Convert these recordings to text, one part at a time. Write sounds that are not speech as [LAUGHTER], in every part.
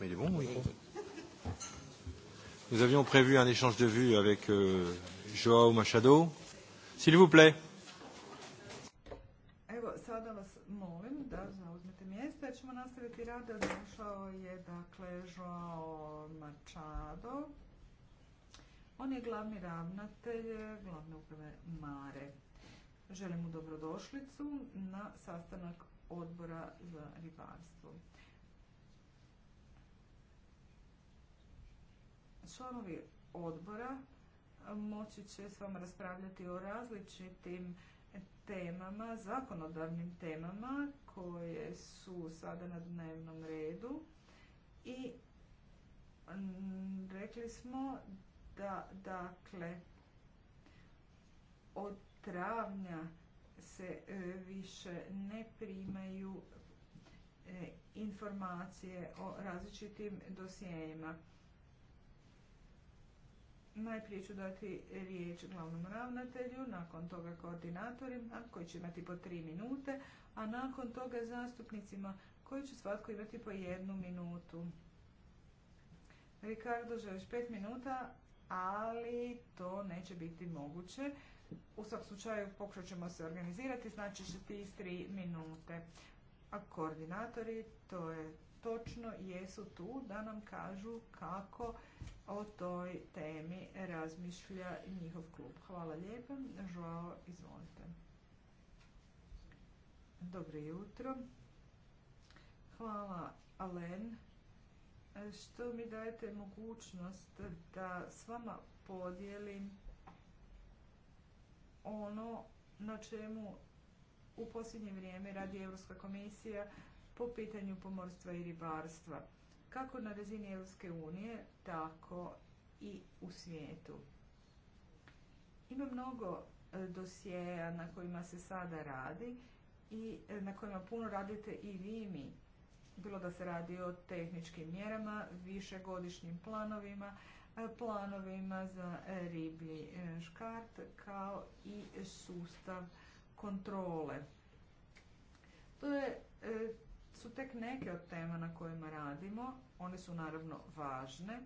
Mais il est bon, oui. Nous avions prévu un échange de vues avec euh, Joao Machado. S'il vous plaît. Evo, sada vas molim da zauzmete ćemo nastaviti Došao je, dakle, On je glavni ravnatelj glavne uprave Mare. Želim mu dobrodošlicu na sastanak odbora za ribarstvo. Članovi odbora moći će s vama raspravljati o različitim temama, zakonodavnim temama koje su sada na dnevnom redu i rekli smo da dakle od travnja se e, više ne primaju e, informacije o različitim dosijenjima. Najprije ću dati riječ glavnom ravnatelju, nakon toga koordinatorima koji će imati po tri minute, a nakon toga zastupnicima koji će svatko imati po jednu minutu. Ricardo, želiš pet minuta, ali to neće biti moguće u svakom slučaju pokušat ćemo se organizirati, znači će ti tri minute. A koordinatori, to je točno, jesu tu da nam kažu kako o toj temi razmišlja njihov klub. Hvala lijepo Žao, izvolite. Dobro jutro. Hvala, Alen, što mi dajete mogućnost da s vama podijelim ono na čemu u posljednje vrijeme radi Europska komisija po pitanju pomorstva i ribarstva, kako na razini Europske unije, tako i u svijetu. Ima mnogo e, dosjeja na kojima se sada radi i e, na kojima puno radite i vi i mi. Bilo da se radi o tehničkim mjerama, višegodišnjim planovima, planovima za riblji e, škart kao i sustav kontrole. To je, e, su tek neke od tema na kojima radimo, one su naravno važne,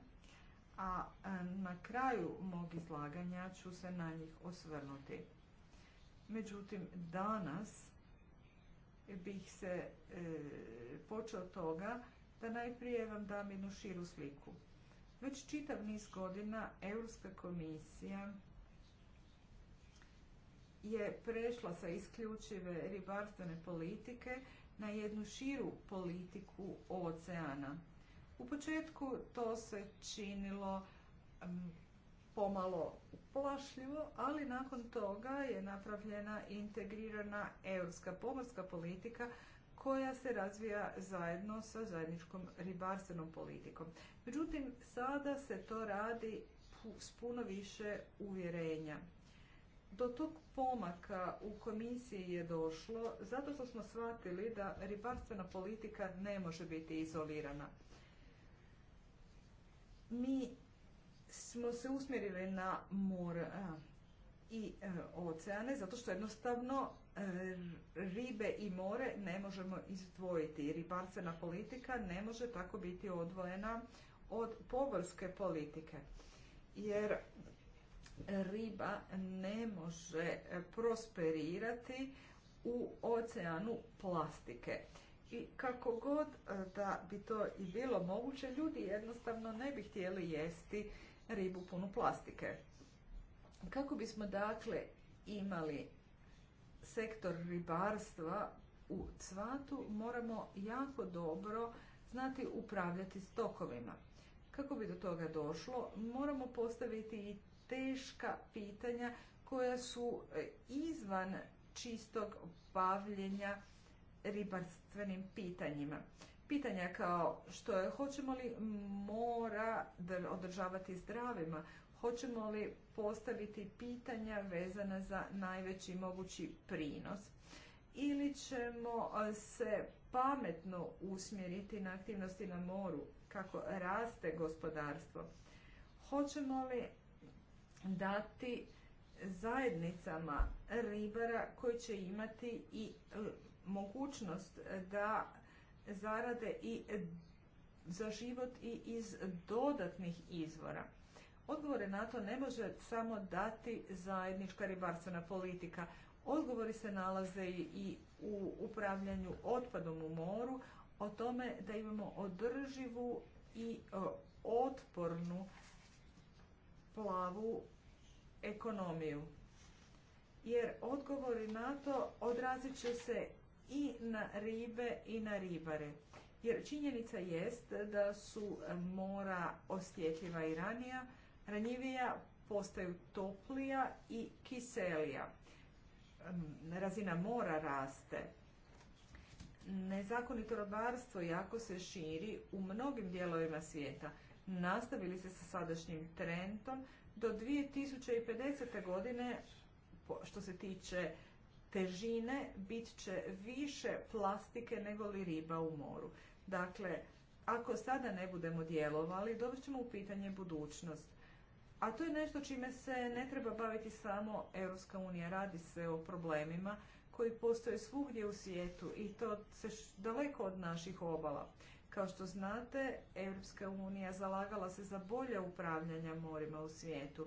a e, na kraju mog izlaganja ću se na njih osvrnuti. Međutim, danas bih se počeo toga da najprije vam dam jednu širu sliku. Već čitav niz godina Europska komisija je prešla sa isključive ribarstvene politike na jednu širu politiku oceana. U početku to se činilo mm, pomalo plašljivo, ali nakon toga je napravljena integrirana europska pomorska politika koja se razvija zajedno sa zajedničkom ribarstvenom politikom. Međutim, sada se to radi s puno više uvjerenja. Do tog pomaka u komisiji je došlo zato što smo shvatili da ribarstvena politika ne može biti izolirana. Mi smo se usmjerili na more i e, oceane zato što jednostavno ribe i more ne možemo izdvojiti. Ribarstvena politika ne može tako biti odvojena od pomorske politike. Jer riba ne može prosperirati u oceanu plastike. I kako god e, da bi to i bilo moguće, ljudi jednostavno ne bi htjeli jesti ribu punu plastike. Kako bismo dakle imali sektor ribarstva u cvatu moramo jako dobro znati upravljati stokovima. Kako bi do toga došlo, moramo postaviti i teška pitanja koja su e, izvan čistog bavljenja ribarstvenim pitanjima. Pitanja kao što je hoćemo li mora održavati zdravima, hoćemo li postaviti pitanja vezana za najveći mogući prinos ili ćemo se pametno usmjeriti na aktivnosti na moru kako raste gospodarstvo. Hoćemo li dati zajednicama ribara koji će imati i mogućnost da zarade i za život i iz dodatnih izvora. Odgovore na to ne može samo dati zajednička ribarstvena politika. Odgovori se nalaze i u upravljanju otpadom u moru, o tome da imamo održivu i e, otpornu plavu ekonomiju. Jer odgovori na to odrazit će se i na ribe i na ribare. Jer činjenica jest da su mora osjetljiva i ranija, ranjivija postaju toplija i kiselija. Razina mora raste. Nezakonito robarstvo jako se širi u mnogim dijelovima svijeta. Nastavili se sa sadašnjim trendom do 2050. godine što se tiče težine bit će više plastike nego li riba u moru. Dakle, ako sada ne budemo djelovali, dobit ćemo u pitanje budućnost. A to je nešto čime se ne treba baviti samo Europska unija. Radi se o problemima koji postoje svugdje u svijetu i to se daleko od naših obala. Kao što znate, Europska unija zalagala se za bolje upravljanja morima u svijetu.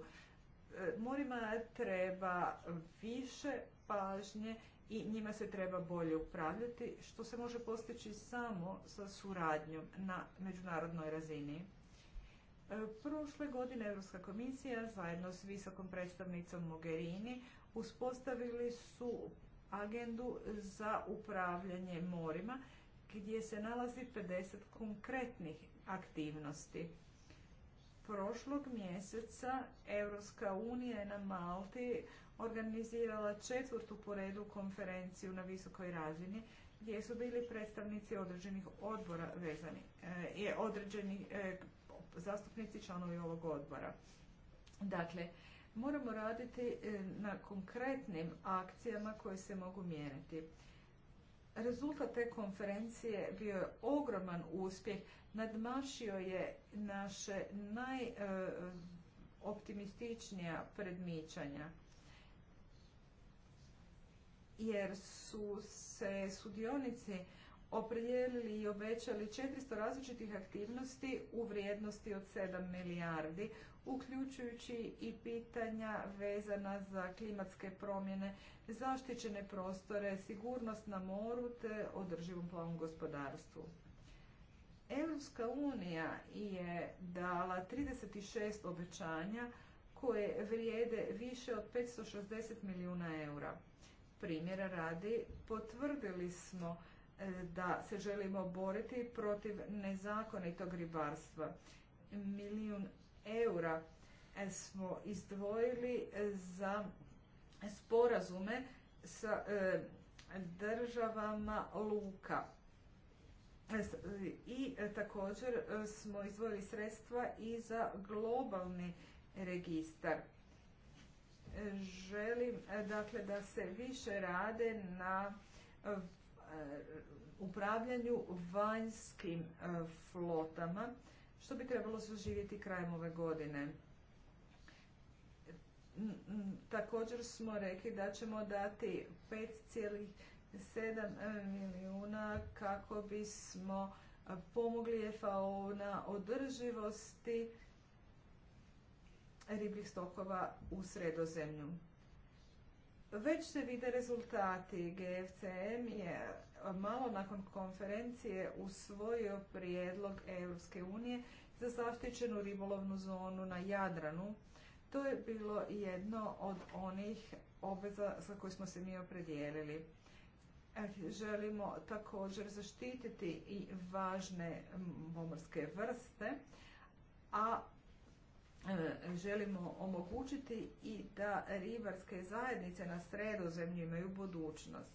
E, morima treba više pažnje i njima se treba bolje upravljati, što se može postići samo sa suradnjom na međunarodnoj razini. E, prošle godine Europska komisija zajedno s visokom predstavnicom Mogherini uspostavili su agendu za upravljanje morima gdje se nalazi 50 konkretnih aktivnosti. Prošlog mjeseca Europska unija je na Malti organizirala četvrtu po redu konferenciju na visokoj razini gdje su bili predstavnici određenih odbora vezani, e, određenih e, zastupnici članovi ovog odbora. Dakle, moramo raditi e, na konkretnim akcijama koje se mogu mjeriti. Rezultat te konferencije bio je ogroman uspjeh, nadmašio je naše najoptimističnija e, predmičanja jer su se sudionici opredijelili i obećali 400 različitih aktivnosti u vrijednosti od 7 milijardi, uključujući i pitanja vezana za klimatske promjene, zaštićene prostore, sigurnost na moru te održivom plavom gospodarstvu. Europska unija je dala 36 obećanja koje vrijede više od 560 milijuna eura. Primjera radi, potvrdili smo E, da se želimo boriti protiv nezakonitog ribarstva. Milijun eura e, smo izdvojili e, za sporazume sa državama luka. I također smo izdvojili sredstva i za globalni registar. Želim dakle da se više rade na Eh, upravljanju vanjskim eh, flotama, što bi trebalo zaživjeti krajem ove godine. Također smo rekli da ćemo dati 5,7 eh, milijuna kako bismo pomogli FAO na održivosti ribljih stokova u sredozemlju. Već se vide rezultati. GFCM je malo nakon konferencije usvojio prijedlog Europske unije za zaštićenu ribolovnu zonu na Jadranu. To je bilo jedno od onih obveza za koje smo se mi opredijelili. E, želimo također zaštititi i važne pomorske vrste, a E, želimo omogućiti i da ribarske zajednice na sredozemlju imaju budućnost.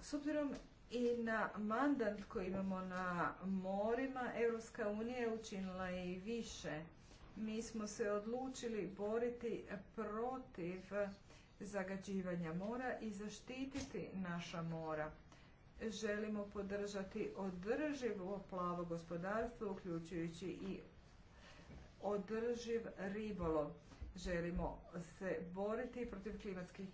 S obzirom i na mandat koji imamo na morima, Europska unija je učinila i više. Mi smo se odlučili boriti protiv zagađivanja mora i zaštititi naša mora. Želimo podržati održivo plavo gospodarstvo, uključujući i održiv ribolov. Želimo se boriti protiv klimatskih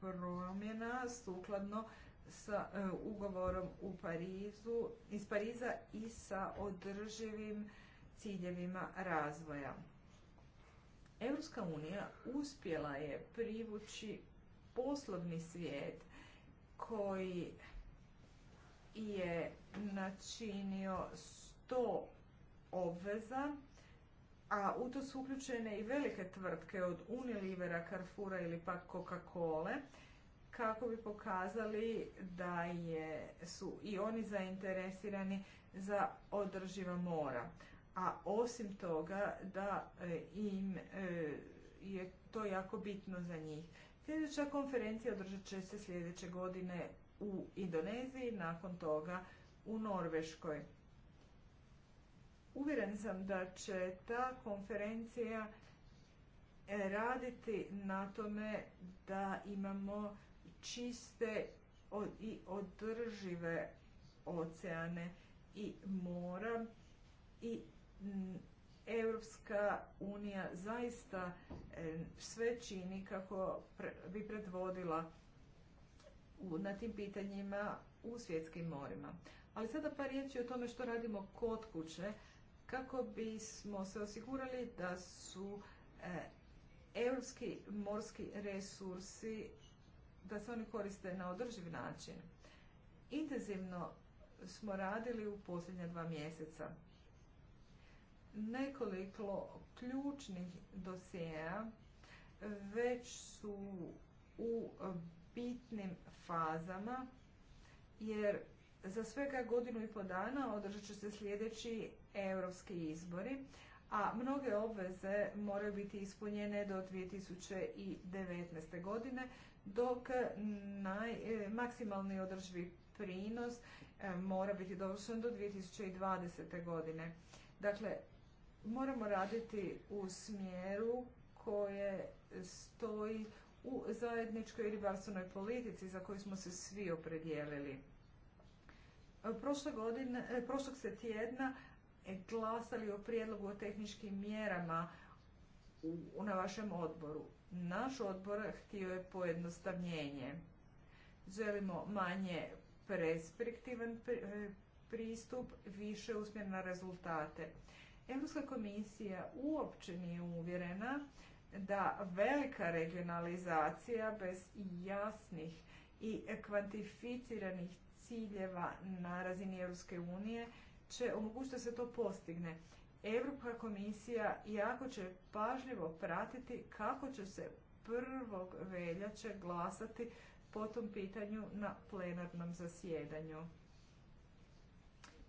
promjena sukladno sa e, ugovorom u Parizu, iz Pariza i sa održivim ciljevima razvoja. Europska unija uspjela je privući poslovni svijet koji je načinio 100 obveza a u to su uključene i velike tvrtke od Unilivera, Carrefoura ili pak Coca-Cola kako bi pokazali da su i oni zainteresirani za održiva mora. A osim toga da e, im e, je to jako bitno za njih. Sljedeća konferencija održat će se sljedeće godine u Indoneziji, nakon toga u Norveškoj. Uvjeren sam da će ta konferencija e, raditi na tome da imamo čiste i održive oceane i mora i Europska unija zaista e, sve čini kako bi predvodila na tim pitanjima u svjetskim morima. Ali sada par riječi o tome što radimo kod kuće, kako bismo se osigurali da su e, europski morski resursi, da se oni koriste na održiv način. Intenzivno smo radili u posljednja dva mjeseca. Nekoliko ključnih dosijeja već su u bitnim fazama, jer za svega godinu i po dana održat će se sljedeći europski izbori, a mnoge obveze moraju biti ispunjene do 2019. godine, dok maksimalni održivi prinos e, mora biti dovršen do 2020. godine. Dakle, moramo raditi u smjeru koje stoji u zajedničkoj ribarstvenoj politici za koju smo se svi opredijelili. E, prošlog se tjedna E, glasali o prijedlogu o tehničkim mjerama u, na vašem odboru. Naš odbor htio je pojednostavljenje. Želimo manje perspektivan e, pristup, više usmjer na rezultate. Europska komisija uopće nije uvjerena da velika regionalizacija bez jasnih i kvantificiranih ciljeva na razini Europske unije će omogućiti da se to postigne. Europska komisija jako će pažljivo pratiti kako će se prvog veljače glasati po tom pitanju na plenarnom zasjedanju.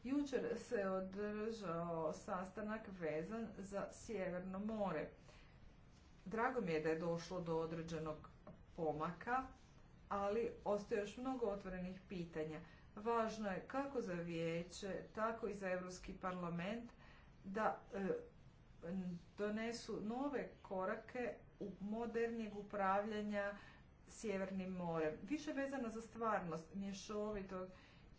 Jučer se održao sastanak vezan za Sjeverno more. Drago mi je da je došlo do određenog pomaka, ali ostaje još mnogo otvorenih pitanja. Važno je kako za vijeće, tako i za Europski parlament da e, donesu nove korake u modernijeg upravljanja Sjevernim morem. Više vezano za stvarnost mješovitog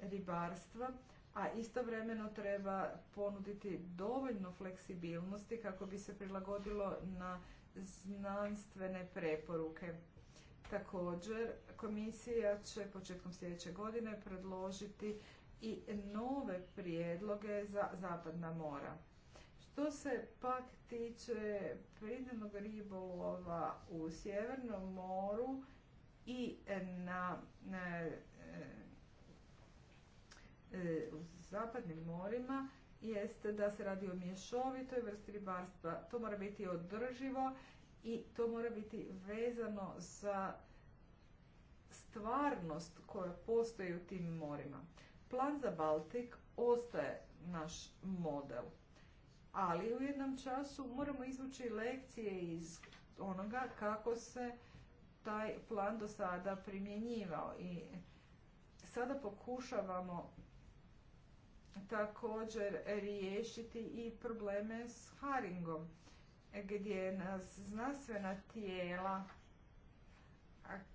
ribarstva, a istovremeno treba ponuditi dovoljno fleksibilnosti kako bi se prilagodilo na znanstvene preporuke. Također, komisija će početkom sljedeće godine predložiti i nove prijedloge za zapadna mora. Što se pak tiče pridanog ribolova u Sjevernom moru i na, e, e, u zapadnim morima, jeste da se radi o mješovitoj vrsti ribarstva. To mora biti održivo i to mora biti vezano za stvarnost koja postoji u tim morima. Plan za Baltik ostaje naš model, ali u jednom času moramo izvući lekcije iz onoga kako se taj plan do sada primjenjivao i sada pokušavamo također riješiti i probleme s haringom gdje nas znanstvena tijela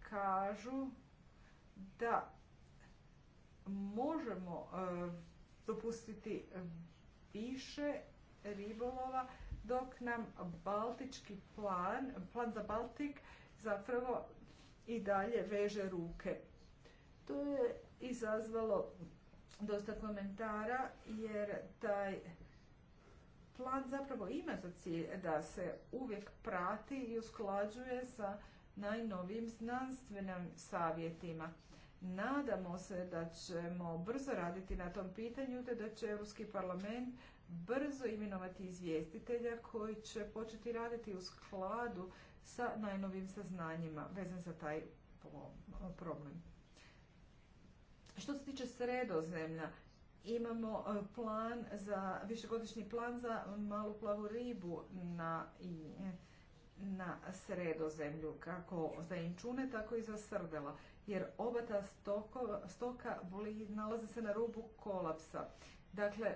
kažu da možemo e, dopustiti više ribolova dok nam baltički plan, plan za Baltik zapravo i dalje veže ruke. To je izazvalo dosta komentara jer taj plan zapravo ima za cilj da se uvijek prati i usklađuje sa najnovijim znanstvenim savjetima. Nadamo se da ćemo brzo raditi na tom pitanju te da će Europski parlament brzo imenovati izvjestitelja koji će početi raditi u skladu sa najnovim saznanjima vezan za taj problem. Što se tiče sredozemlja, imamo e, plan za, višegodišnji plan za malu plavu ribu na, na sredozemlju, kako za inčune, tako i za srdela. Jer oba ta stoka boli, nalaze se na rubu kolapsa. Dakle,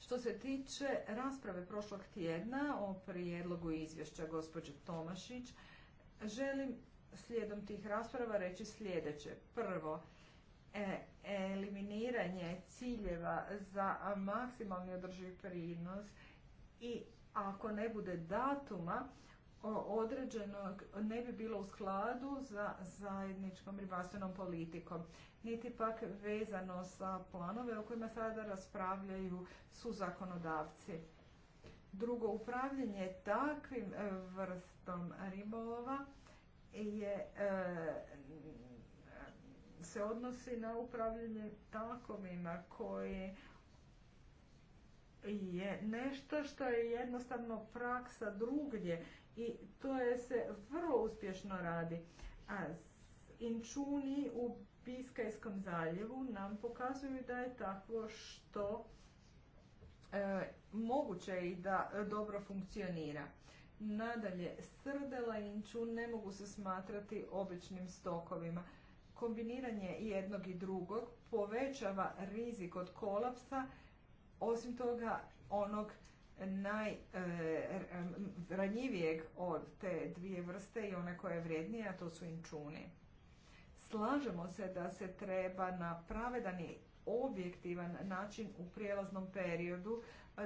što se tiče rasprave prošlog tjedna o prijedlogu izvješća gospođe Tomašić, želim slijedom tih rasprava reći sljedeće. Prvo, e, eliminiranje ciljeva za maksimalni održiv prinos i ako ne bude datuma određenog ne bi bilo u skladu za zajedničkom ribarstvenom politikom, niti pak vezano sa planove o kojima sada raspravljaju su zakonodavci. Drugo, upravljanje takvim e, vrstom ribolova je e, se odnosi na upravljanje takovima koji je nešto što je jednostavno praksa drugdje i to je se vrlo uspješno radi. A inčuni u Biskajskom zaljevu nam pokazuju da je takvo što e, moguće i da dobro funkcionira. Nadalje, srdela i inčun ne mogu se smatrati običnim stokovima kombiniranje jednog i drugog povećava rizik od kolapsa, osim toga onog najranjivijeg e, od te dvije vrste i one koje je vrijednije, a to su inčuni. Slažemo se da se treba na pravedan i objektivan način u prijelaznom periodu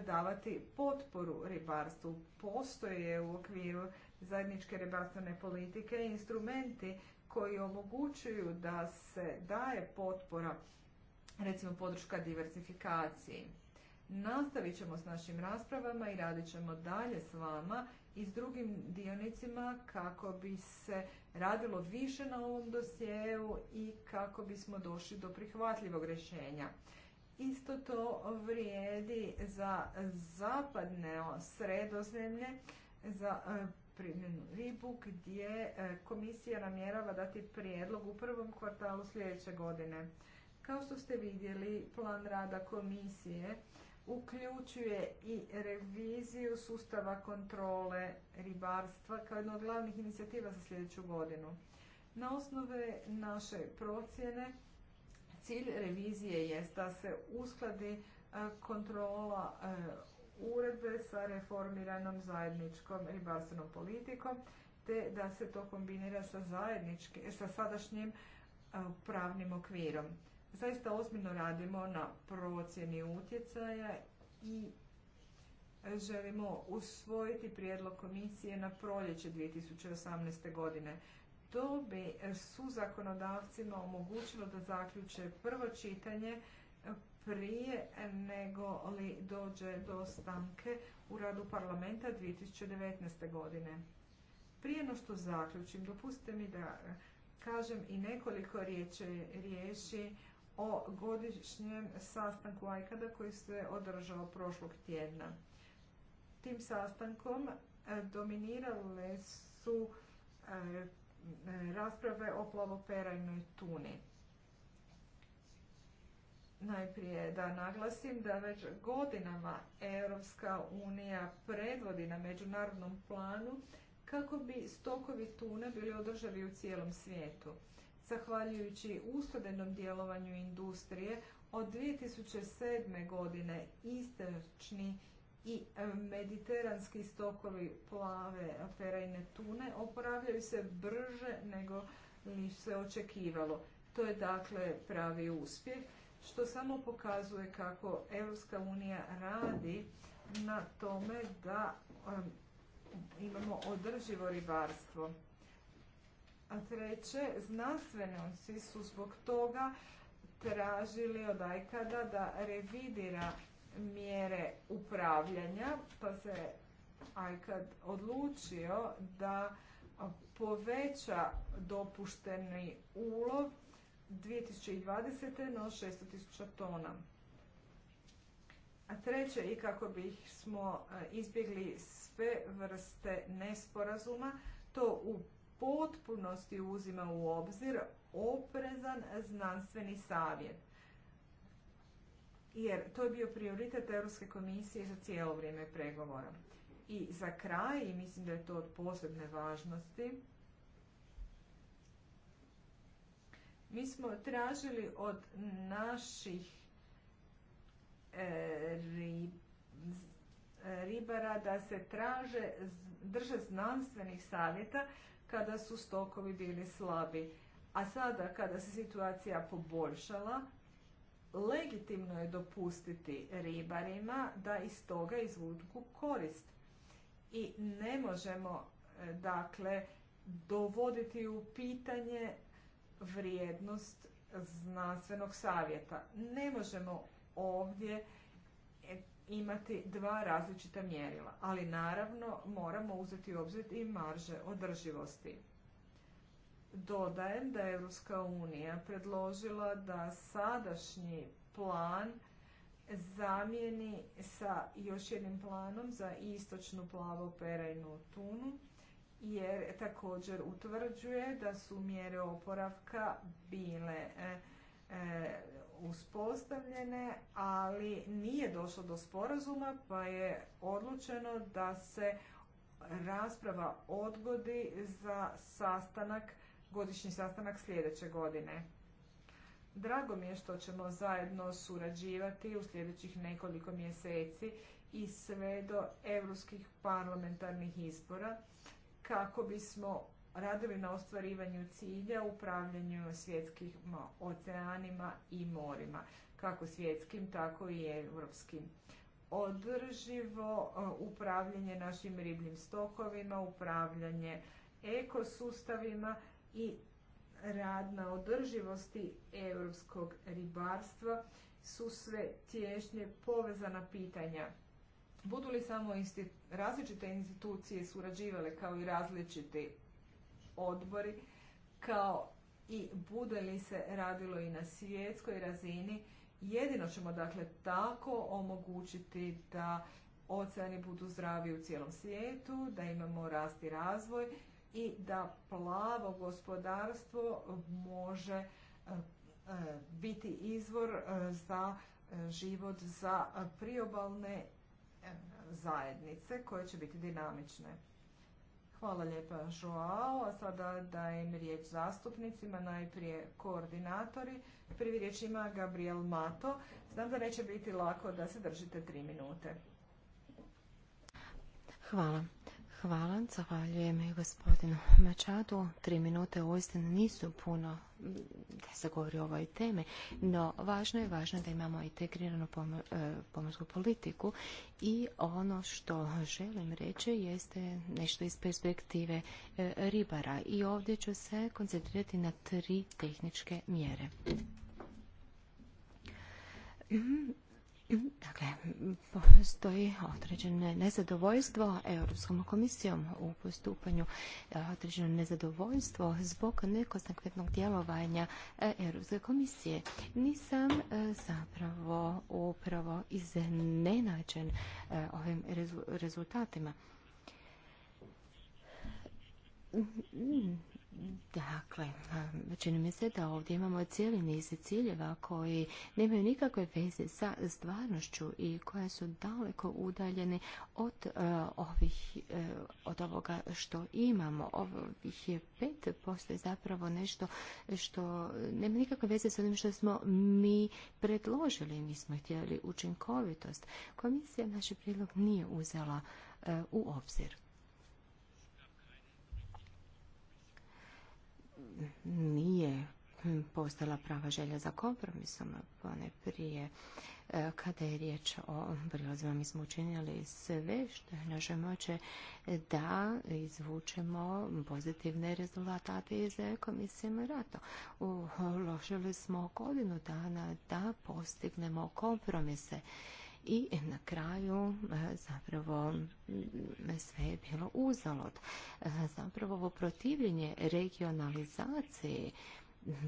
davati potporu ribarstvu. Postoje u okviru zajedničke ribarstvene politike instrumenti koji omogućuju da se daje potpora, recimo podrška diversifikaciji. Nastavit ćemo s našim raspravama i radit ćemo dalje s vama i s drugim dionicima kako bi se radilo više na ovom dosjeu i kako bismo došli do prihvatljivog rješenja. Isto to vrijedi za zapadne sredozemlje, za e, primjenu ribu gdje e, komisija namjerava dati prijedlog u prvom kvartalu sljedeće godine. Kao što ste vidjeli, plan rada komisije uključuje i reviziju sustava kontrole ribarstva kao jedna od glavnih inicijativa za sljedeću godinu. Na osnove naše procjene cilj revizije jest da se uskladi e, kontrola e, uredbe sa reformiranom zajedničkom ribarstvenom politikom, te da se to kombinira sa, e, sadašnjim e, pravnim okvirom. Zaista ozbiljno radimo na procjeni utjecaja i želimo usvojiti prijedlog komisije na proljeće 2018. godine. To bi su zakonodavcima omogućilo da zaključe prvo čitanje prije nego li dođe do stanke u radu parlamenta 2019. godine. Prije no što zaključim, dopustite mi da e, kažem i nekoliko riječi riješi o godišnjem sastanku Ajkada koji se održao prošlog tjedna. Tim sastankom e, dominirale su e, rasprave o plavoperajnoj tuni. Najprije da naglasim da već godinama Europska unija predvodi na međunarodnom planu kako bi stokovi tune bili održavi u cijelom svijetu. Zahvaljujući ustodenom djelovanju industrije, od 2007. godine istočni i mediteranski stokovi plave ferajne tune oporavljaju se brže nego li se očekivalo. To je dakle pravi uspjeh što samo pokazuje kako Europska unija radi na tome da imamo održivo ribarstvo. A treće, znanstvenici su zbog toga tražili od Ajkada da revidira mjere upravljanja, pa se Ajkad odlučio da poveća dopušteni ulov 2020. no 600.000 tona. A treće, i kako bismo e, izbjegli sve vrste nesporazuma, to u potpunosti uzima u obzir oprezan znanstveni savjet. Jer to je bio prioritet Europske komisije za cijelo vrijeme pregovora. I za kraj, i mislim da je to od posebne važnosti, Mi smo tražili od naših e, ribara da se traže, drže znanstvenih savjeta kada su stokovi bili slabi. A sada kada se situacija poboljšala, legitimno je dopustiti ribarima da iz toga izvuku korist. I ne možemo e, dakle dovoditi u pitanje vrijednost znanstvenog savjeta. Ne možemo ovdje e, imati dva različita mjerila, ali naravno moramo uzeti u obzir i marže održivosti. Dodajem da je Europska unija predložila da sadašnji plan zamijeni sa još jednim planom za istočnu plavu perajnu tunu jer također utvrđuje da su mjere oporavka bile e, e, uspostavljene, ali nije došlo do sporazuma pa je odlučeno da se rasprava odgodi za sastanak, godišnji sastanak sljedeće godine. Drago mi je što ćemo zajedno surađivati u sljedećih nekoliko mjeseci i sve do europskih parlamentarnih izbora kako bismo radili na ostvarivanju cilja upravljanju svjetskim oceanima i morima, kako svjetskim, tako i europskim. Održivo e, upravljanje našim ribljim stokovima, upravljanje ekosustavima i rad na održivosti europskog ribarstva su sve tješnje povezana pitanja Budu li samo različite institucije surađivale kao i različiti odbori, kao i bude li se radilo i na svjetskoj razini, jedino ćemo dakle tako omogućiti da oceani budu zdravi u cijelom svijetu, da imamo rast i razvoj i da plavo gospodarstvo može eh, eh, biti izvor eh, za život za priobalne zajednice koje će biti dinamične. Hvala lijepa Joao. A sada dajem riječ zastupnicima, najprije koordinatori. Prvi riječ ima Gabriel Mato. Znam da neće biti lako da se držite tri minute. Hvala. Hvala, zahvaljujem i gospodinu Mačadu. Tri minute uistinu nisu puno mm, da se govori o ovoj temi, no važno je važno da imamo integriranu e, pomorsku politiku i ono što želim reći jeste nešto iz perspektive e, ribara i ovdje ću se koncentrirati na tri tehničke mjere. Mm, Dakle, postoji određeno nezadovoljstvo Europskom komisijom u postupanju, e, određeno nezadovoljstvo zbog nekonsekventnog djelovanja e, Europske komisije. Nisam e, zapravo upravo iznenađen ovim rezultatima Dakle, čini mi se da ovdje imamo cijeli niz ciljeva koji nemaju nikakve veze sa stvarnošću i koje su daleko udaljeni od e, ovih, e, od ovoga što imamo. Ovih je posto je zapravo nešto što nema nikakve veze sa onim što smo mi predložili. Mi smo htjeli učinkovitost. Komisija naš prijedlog nije uzela e, u obzir. nije postala prava želja za kompromisom pone pa prije e, kada je riječ o prilozima mi smo učinili sve što je naše moće da izvučemo pozitivne rezultate iz komisije Marato. Uložili smo godinu dana da postignemo kompromise i na kraju e, zapravo sve je bilo uzalod. E, zapravo ovo protivljenje regionalizaciji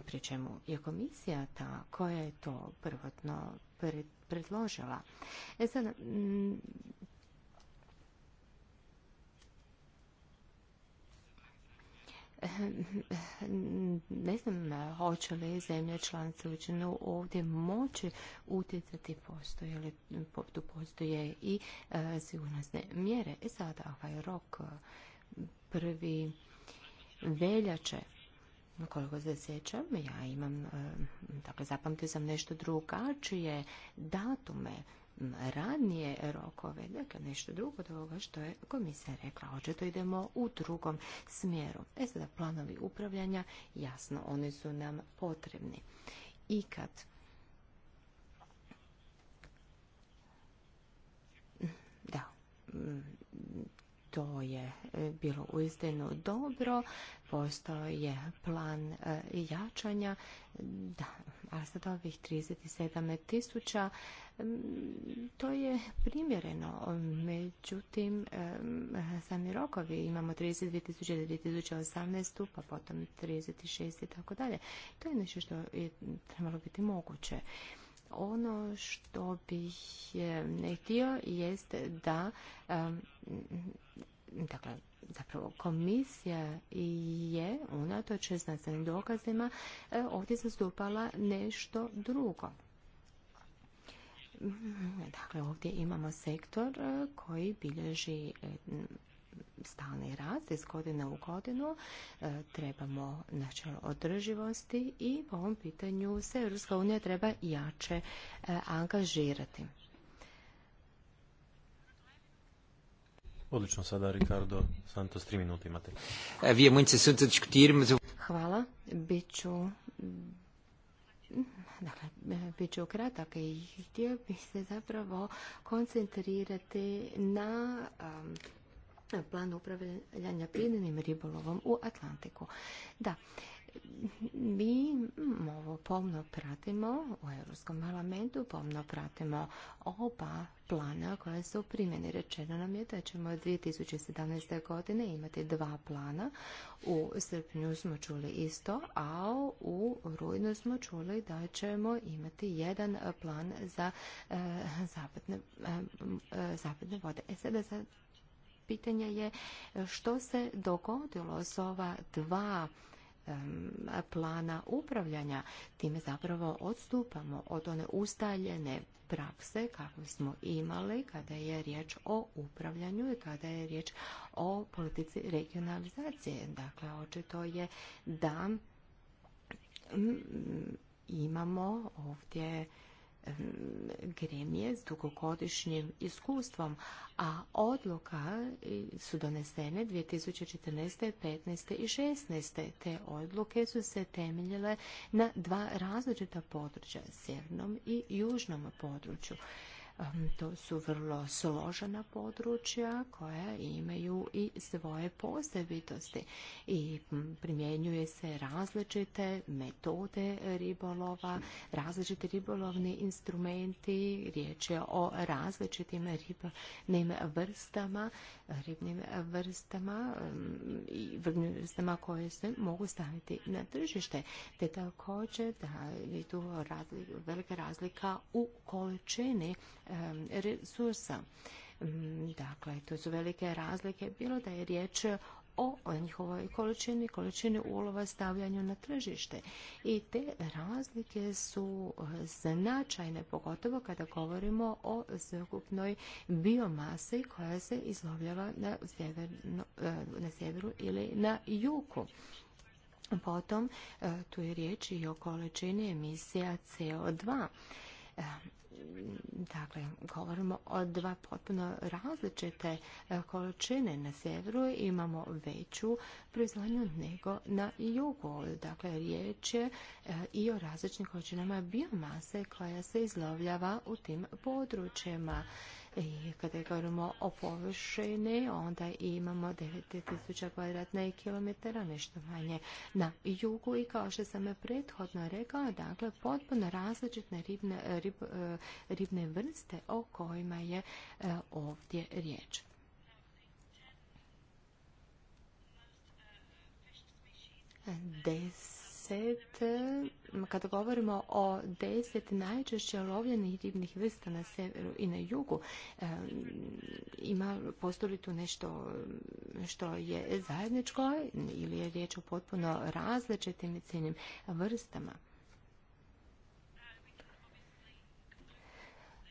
pri čemu je komisija ta koja je to prvotno predložila. E sad, ne znam hoće li zemlje članice većinu ovdje moći utjecati postoje ili tu postoje i e, sigurnosne mjere. E sada ovaj rok e, prvi veljače koliko se sjećam, ja imam, e, dakle zapamtio sam nešto drugačije, datume ranije rokove, dakle nešto drugo od ovoga što je komisija rekla. Očito idemo u drugom smjeru. E sada planovi upravljanja, jasno, oni su nam potrebni. I kad da, mm, to je e, bilo uistinu dobro, postao je plan e, jačanja, da, a sad ovih 37 tisuća, mm, to je primjereno. Međutim, sami rokovi imamo 32 tisuće 2018, pa potom 36 i tako dalje. To je nešto što je trebalo biti moguće. Ono što bih ne htio jest da dakle, zapravo komisija je unatoč znanstvenim dokazima e, ovdje zastupala nešto drugo. Mm, dakle, ovdje imamo sektor e, koji bilježi e, stalni rast iz godine u godinu. trebamo načelo održivosti i po ovom pitanju se EU treba jače angažirati. Odlično, sada Ricardo Santos, tri minute imate. E, Hvala, bit ću... Dakle, bit ću kratak i htio bih se zapravo koncentrirati na um, plan upravljanja prijednim ribolovom u Atlantiku. Da, mi ovo pomno pratimo u Europskom parlamentu, pomno pratimo oba plana koja su primjeni. Rečeno nam je da ćemo 2017. godine imati dva plana. U srpnju smo čuli isto, a u rujnu smo čuli da ćemo imati jedan plan za e, zapadne, e, e, zapadne vode. E sada za pitanje je što se dogodilo s ova dva plana plana upravljanja. Time zapravo odstupamo od one ustaljene prakse kako smo imali kada je riječ o upravljanju i kada je riječ o politici regionalizacije. Dakle, očito je da imamo ovdje gremije s dugogodišnjim iskustvom, a odluka su donesene 2014. 15. i 16. Te odluke su se temeljile na dva različita područja, sjevernom i južnom području. To su vrlo složena područja koja imaju i svoje posebitosti i primjenjuje se različite metode ribolova, različiti ribolovni instrumenti, riječ je o različitim ribnim vrstama, ribnim vrstama i vrstama koje se mogu staviti na tržište, te također da je tu velika razlika u količini resursa. Mm, dakle, to su velike razlike, bilo da je riječ o njihovoj količini, količini ulova stavljanju na tržište. I te razlike su značajne, pogotovo kada govorimo o zakupnoj biomasi koja se izlovljava na, e, na sjeveru ili na juku. Potom e, tu je riječ i o količini emisija CO2 dakle, govorimo o dva potpuno različite e, količine. Na sjeveru imamo veću proizvodnju nego na jugu. Dakle, riječ je e, i o različnim količinama biomase koja se izlovljava u tim područjima. I kada govorimo o površini, onda imamo 9000 kvadratnih kilometara, nešto manje na jugu i kao što sam prethodno rekao, dakle, potpuno različitne ribne, e, ribne vrste o kojima je e, ovdje riječ. Des kada govorimo o deset najčešće lovljenih ribnih vrsta na severu i na jugu, ima postoji tu nešto što je zajedničko ili je riječ o potpuno različitim cijenim vrstama.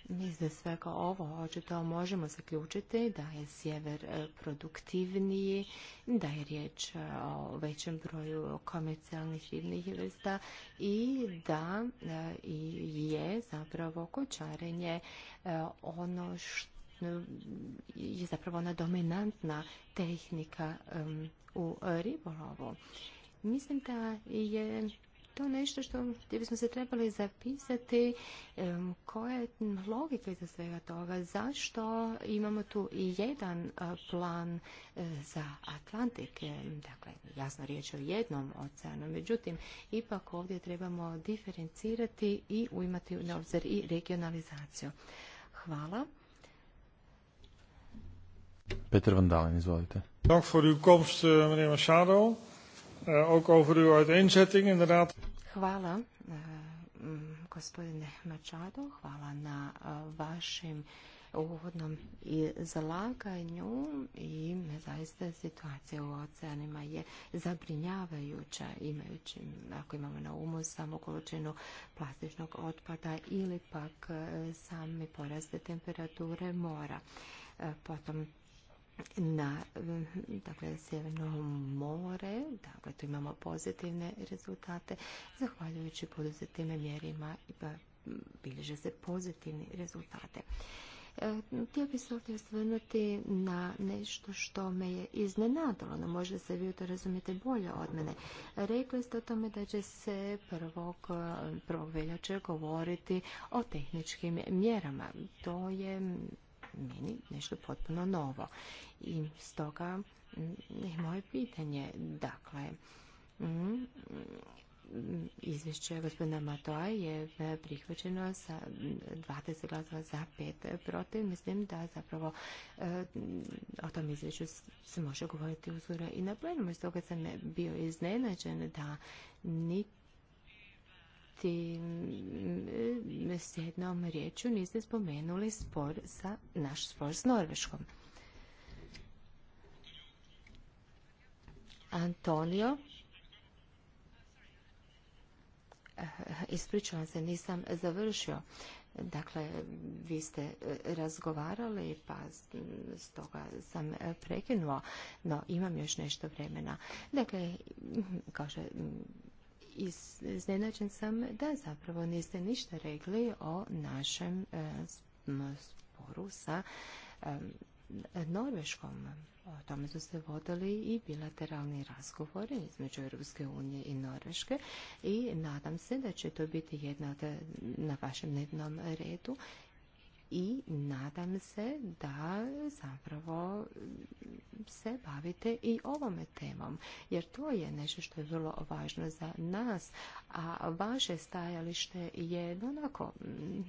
Iz svega ovo očito možemo zaključiti da je sjever e, produktivniji, da je riječ e, o većem broju komercijalnih ribnih vrsta i da e, je zapravo kočarenje ono što je zapravo ona dominantna tehnika u ribolovu. Mislim da je to nešto što gdje bismo se trebali zapisati koja je logika iza svega toga, zašto imamo tu i jedan plan e, za Atlantike, dakle jasno riječ o jednom oceanu, međutim ipak ovdje trebamo diferencirati i uimati na obzir i regionalizaciju. Hvala. Peter van izvolite. Dank voor uw komst, eh, meneer Machado. Uh, ook over uw uiteenzetting, inderdaad. Hvala e, gospodine Mačado, hvala na e, vašem uvodnom zalaganju i zaista situacija u oceanima je zabrinjavajuća imajući, ako imamo na umu samo količinu plastičnog otpada ili pak e, sami poraste temperature mora. Potom na eh, dakle, Sjeverno more, dakle tu imamo pozitivne rezultate, zahvaljujući poduzetim mjerima mm, bilježe se pozitivni rezultate. Eh, htio bih se ovdje osvrnuti na nešto što me je iznenadilo, no možda se vi to razumijete bolje od mene. Rekli ste o tome da će se prvog eh, veljače govoriti o tehničkim mjerama. To je mm, meni nešto potpuno novo. I stoga mm, je moje pitanje, dakle, mm, izvješće gospodina Matoa je e, prihvaćeno sa mm, 20 glasova za 5 protiv. Mislim da zapravo e, o tom izvješću se može govoriti uskoro i na plenumu. Stoga sam bio iznenađen da niti niti mm, s jednom riječju niste spomenuli spor sa, naš spor s Norveškom. Antonio, eh, ispričavam se, nisam završio. Dakle, vi ste eh, razgovarali, pa toga sam eh, prekinuo, no imam još nešto vremena. Dakle, mm, kaže, mm, iznenađen sam da zapravo niste ništa rekli o našem e, sporu sa e, Norveškom. O tome su se vodili i bilateralni razgovori između Europske unije i Norveške i nadam se da će to biti jedna na vašem dnevnom redu i nadam se da zapravo se bavite i ovome temom, jer to je nešto što je vrlo važno za nas, a vaše stajalište je onako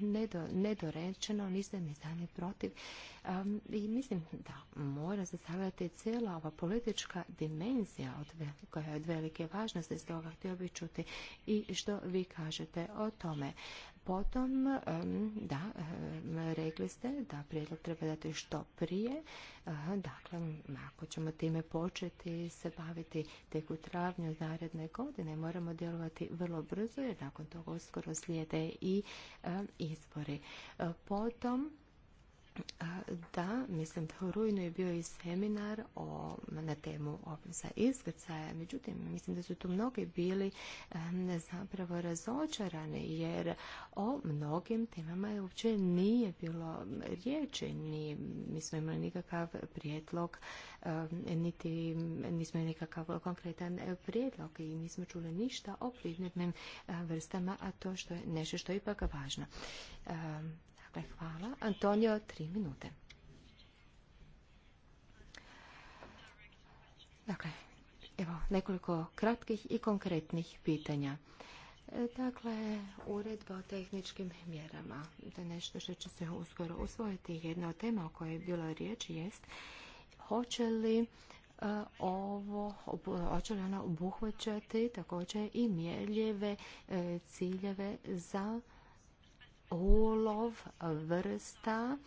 nedo, nedorečeno, niste mi sami protiv. I mislim da mora se stavljati cijela ova politička dimenzija koja je od velike važnosti, stoga htio bih čuti i što vi kažete o tome. Potom, da, rekli ste da prijedlog treba dati što prije. Eh, dakle, ako ćemo time početi se baviti tek u travnju naredne godine, moramo djelovati vrlo brzo jer nakon toga uskoro slijede i izbori. Eh, potom, da, mislim da u Rujnu je bio i seminar o, na temu opisa iskrcaja, međutim mislim da su tu mnogi bili zapravo razočarani jer o mnogim temama je uopće nije bilo riječi, ni, nismo imali nikakav prijedlog, niti nismo imali nikakav konkretan prijedlog i nismo čuli ništa o primjernim vrstama, a to što je nešto što je ipak važno hvala. Antonio, tri minute. Dakle, evo, nekoliko kratkih i konkretnih pitanja. E, dakle, uredba o tehničkim mjerama, To je nešto što će se uskoro usvojiti. Jedna od tema o kojoj je bilo riječ jest hoće li e, ovo hoće li ona obuhvaćati također i mjerljive e, ciljeve za ulov vrsta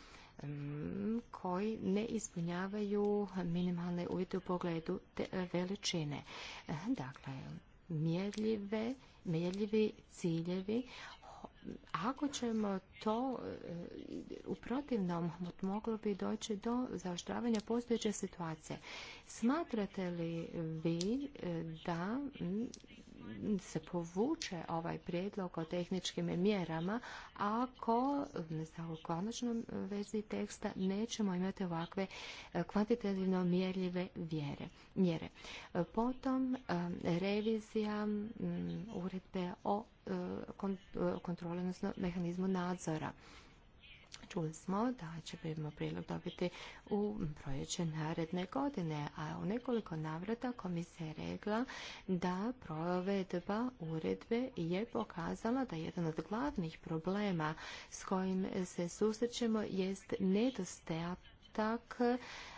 koji ne ispunjavaju minimalne uvjete u pogledu te veličine. Dakle, mjerljive, mjerljivi ciljevi ako ćemo to u protivnom moglo bi doći do zaoštravanja postojeće situacije. Smatrate li vi da se povuče ovaj prijedlog o tehničkim mjerama ako za u konačnom vezi teksta nećemo imati ovakve e, kvantitativno mjerljive vjere, mjere. Potom e, revizija uredbe o e, kontroli, odnosno mehanizmu nadzora čuli smo da će prilog dobiti u proljeće naredne godine, a u nekoliko navrata komisija je rekla da provedba uredbe je pokazala da jedan od glavnih problema s kojim se susrećemo jest nedostatak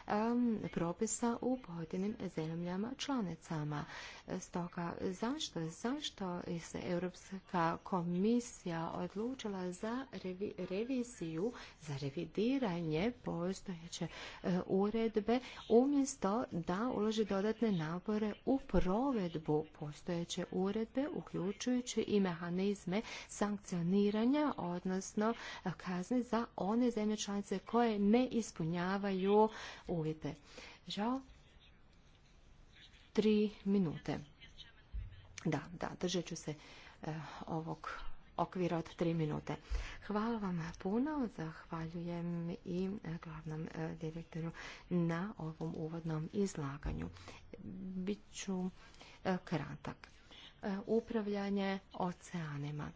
um, propisa u pojedinim zemljama članicama. Stoga, zašto, zašto se Europska komisija odlučila za reviziju, za revidiranje postojeće e, uredbe, umjesto da uloži dodatne napore u provedbu postojeće uredbe, uključujući i mehanizme sankcioniranja, odnosno e, kazne za one zemlje članice koje ne ispunjavaju uvjete. Žao, tri minute. Da, da, držat ću se eh, ovog okvira od tri minute. Hvala vam puno, zahvaljujem i eh, glavnom eh, direktoru na ovom uvodnom izlaganju. Biću kratak. Upravljanje oceanima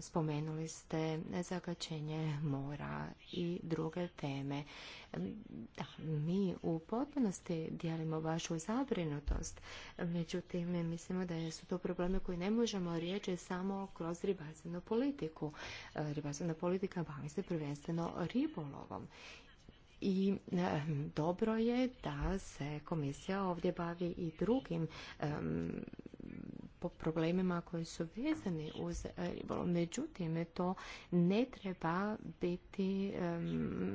spomenuli ste zagačenje mora i druge teme. Da, mi u potpunosti dijelimo vašu zabrinutost, međutim mislimo da su to probleme koje ne možemo riječi samo kroz ribarstvenu politiku. E, ribarstvena politika bavi se prvenstveno ribolovom i dobro je da se komisija ovdje bavi i drugim po problemima koji su vezani uz e, ribolov. Međutim, to ne treba biti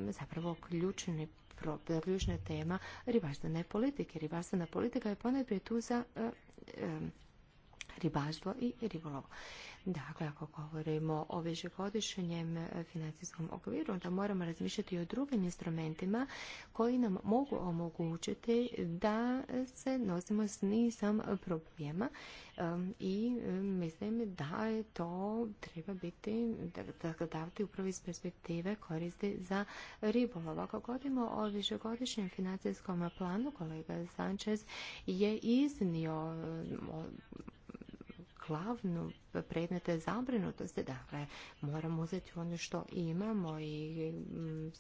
zapravo ključni ključna tema ribarstvene politike. Ribarstvena politika je ponajprije tu za e, ribarstvo i ribolovo. Dakle, ako govorimo o višegodišnjem e, financijskom okviru, onda moramo razmišljati i o drugim instrumentima koji nam mogu omogućiti da se nosimo s nizom problema i mislim da je to treba biti, da davati upravo iz perspektive koristi za ribolov. Ako govorimo o višegodišnjem financijskom planu, kolega Sanchez je iznio glavnu predmete zabrinutosti. Dakle, moramo uzeti ono što imamo i mm,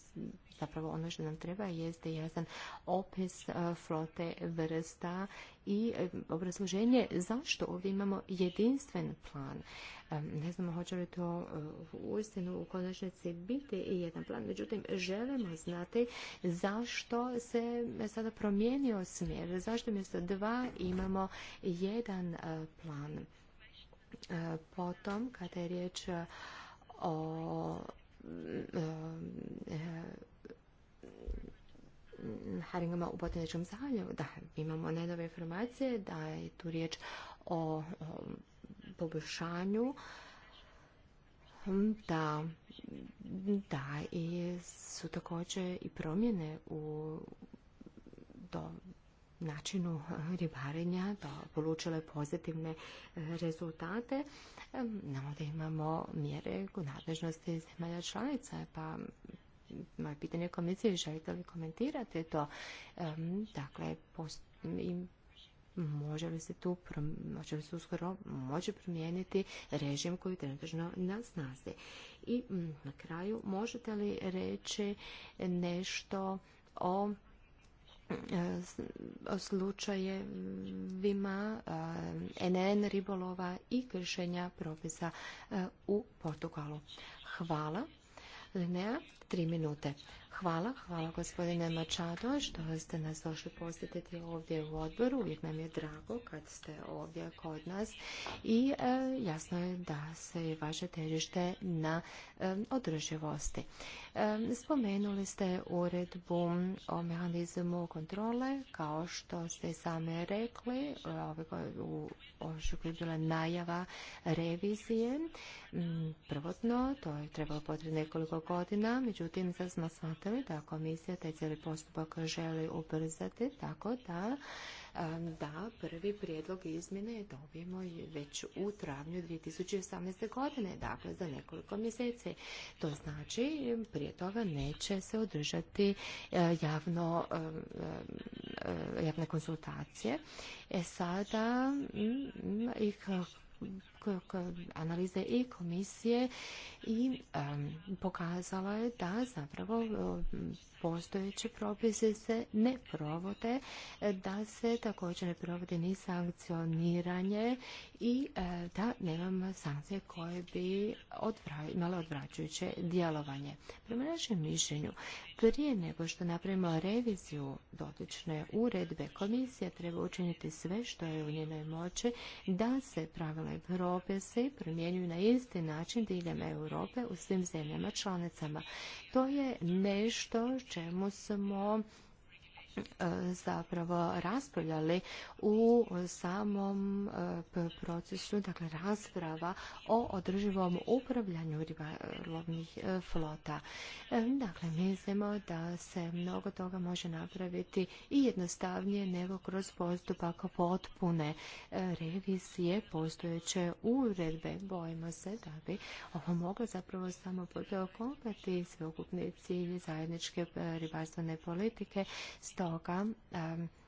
zapravo ono što nam treba jeste jasan opis e, flote vrsta i e, obrazloženje zašto ovdje imamo jedinstven plan. E, ne znamo hoće li to uistinu u konačnici biti jedan plan, međutim želimo znati zašto se sada promijenio smjer, zašto mjesto dva imamo jedan plan. E, potom, kada je riječ o e, haringama u Botaničkom zaljevu, da imamo nedove informacije da je tu riječ o poboljšanju da, da i su također i promjene u do načinu eh, ribarenja, da polučile pozitivne eh, rezultate. da imamo mjere u nadležnosti zemalja članica, pa moje pitanje komisije, želite li komentirati to? Dakle, može li se tu može li se uskoro može promijeniti režim koji je trenutno na snazi. I mm, na kraju možete li reći nešto o E, slučajevima NN e, ribolova i kršenja propisa e, u Portugalu. Hvala. Linea tri minute. Hvala, hvala gospodine Mačado što ste nas došli posjetiti ovdje u odboru. Uvijek nam je drago kad ste ovdje kod nas i e, jasno je da se vaše težište na e, održivosti. E, spomenuli ste uredbu o mehanizmu kontrole, kao što ste same rekli, u što je bila najava revizije. Mm, prvotno, to je trebalo potrebno nekoliko godina, međutim međutim sad smo shvatili da komisija taj cijeli postupak želi ubrzati tako da da prvi prijedlog izmjene dobijemo već u travnju 2018. godine, dakle za nekoliko mjeseci. To znači prije toga neće se održati e, javno, javne konsultacije. E sada ih Dakle, analize i komisije i pokazala je da zapravo e, postojeće propise se ne provode, da se također ne provodi ni sankcioniranje i e, da nemamo sankcije koje bi imale odvraćujuće djelovanje. Prema našem mišljenju, prije nego što napravimo reviziju dotične uredbe, komisija treba učiniti sve što je u njenoj moći da se pravila i se primjenjuju na isti način diljem Europe u svim zemljama članicama. To je nešto čemu smo zapravo raspravljali u samom e, procesu, dakle rasprava o održivom upravljanju ribarlovnih e, flota. E, dakle, mislimo da se mnogo toga može napraviti i jednostavnije nego kroz postupak potpune revizije postojeće uredbe. Bojimo se da bi ovo moglo zapravo samo podokopati sveukupni cilj zajedničke ribarstvene politike, toga,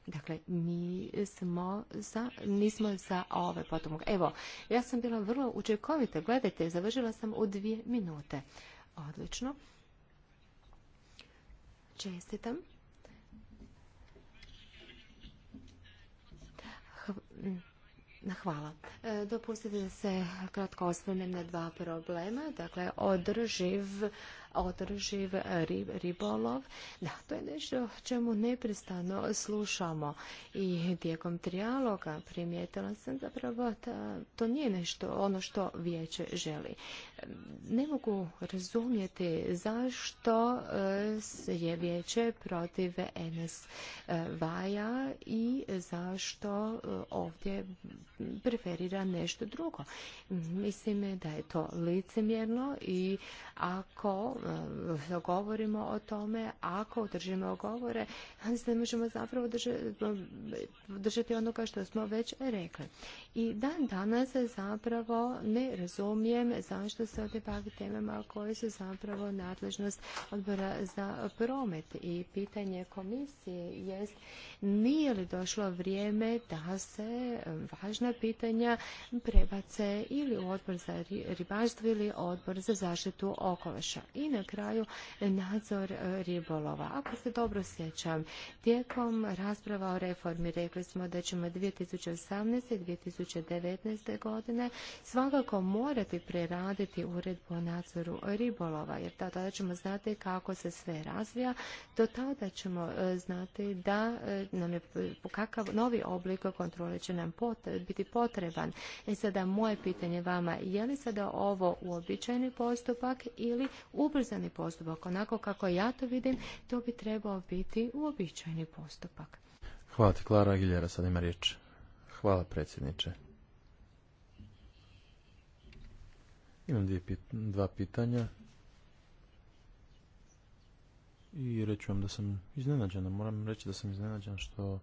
dakle, mi smo za, nismo za ove ovaj potom. Evo, ja sam bila vrlo učinkovita. Gledajte, završila sam u dvije minute. Odlično. Čestitam. Hvala. E, dopustite da se kratko osvrnem na dva problema. Dakle, održiv održiv ribolov. Da, to je nešto čemu neprestano slušamo i tijekom trijaloga primijetila sam zapravo da to nije nešto ono što vijeće želi. Ne mogu razumjeti zašto e, je vijeće protiv NS vaja i zašto e, ovdje preferira nešto drugo. Mislim da je to licemjerno i ako Eh, govorimo o tome, ako održimo govore, ne možemo zapravo držati onoga što smo već rekli. I dan danas zapravo ne razumijem zašto se ovdje bavi temama koje su zapravo nadležnost odbora za promet i pitanje komisije jest nije li došlo vrijeme da se važna pitanja prebace ili u odbor za ribarstvo ili odbor za zaštitu okoliša. I na kraju nadzor e, ribolova. Ako se dobro sjećam, tijekom rasprava o reformi rekli smo da ćemo 2018. i 2019. godine svakako morati preraditi uredbu o nadzoru ribolova, jer tada ćemo znati kako se sve razvija. Do tada ćemo e, znati da e, nam je kakav novi oblik kontrole će nam biti potreban. e sada moje pitanje vama, je li sada ovo uobičajeni postupak ili ubrzo ubrzani postupak. Onako kako ja to vidim, to bi trebao biti uobičajeni postupak. Hvala ti, Klara Agiljera, sad ima riječ. Hvala, predsjedniče. Imam dvije, dva pitanja. I reću vam da sam iznenađena. Moram reći da sam iznenađena što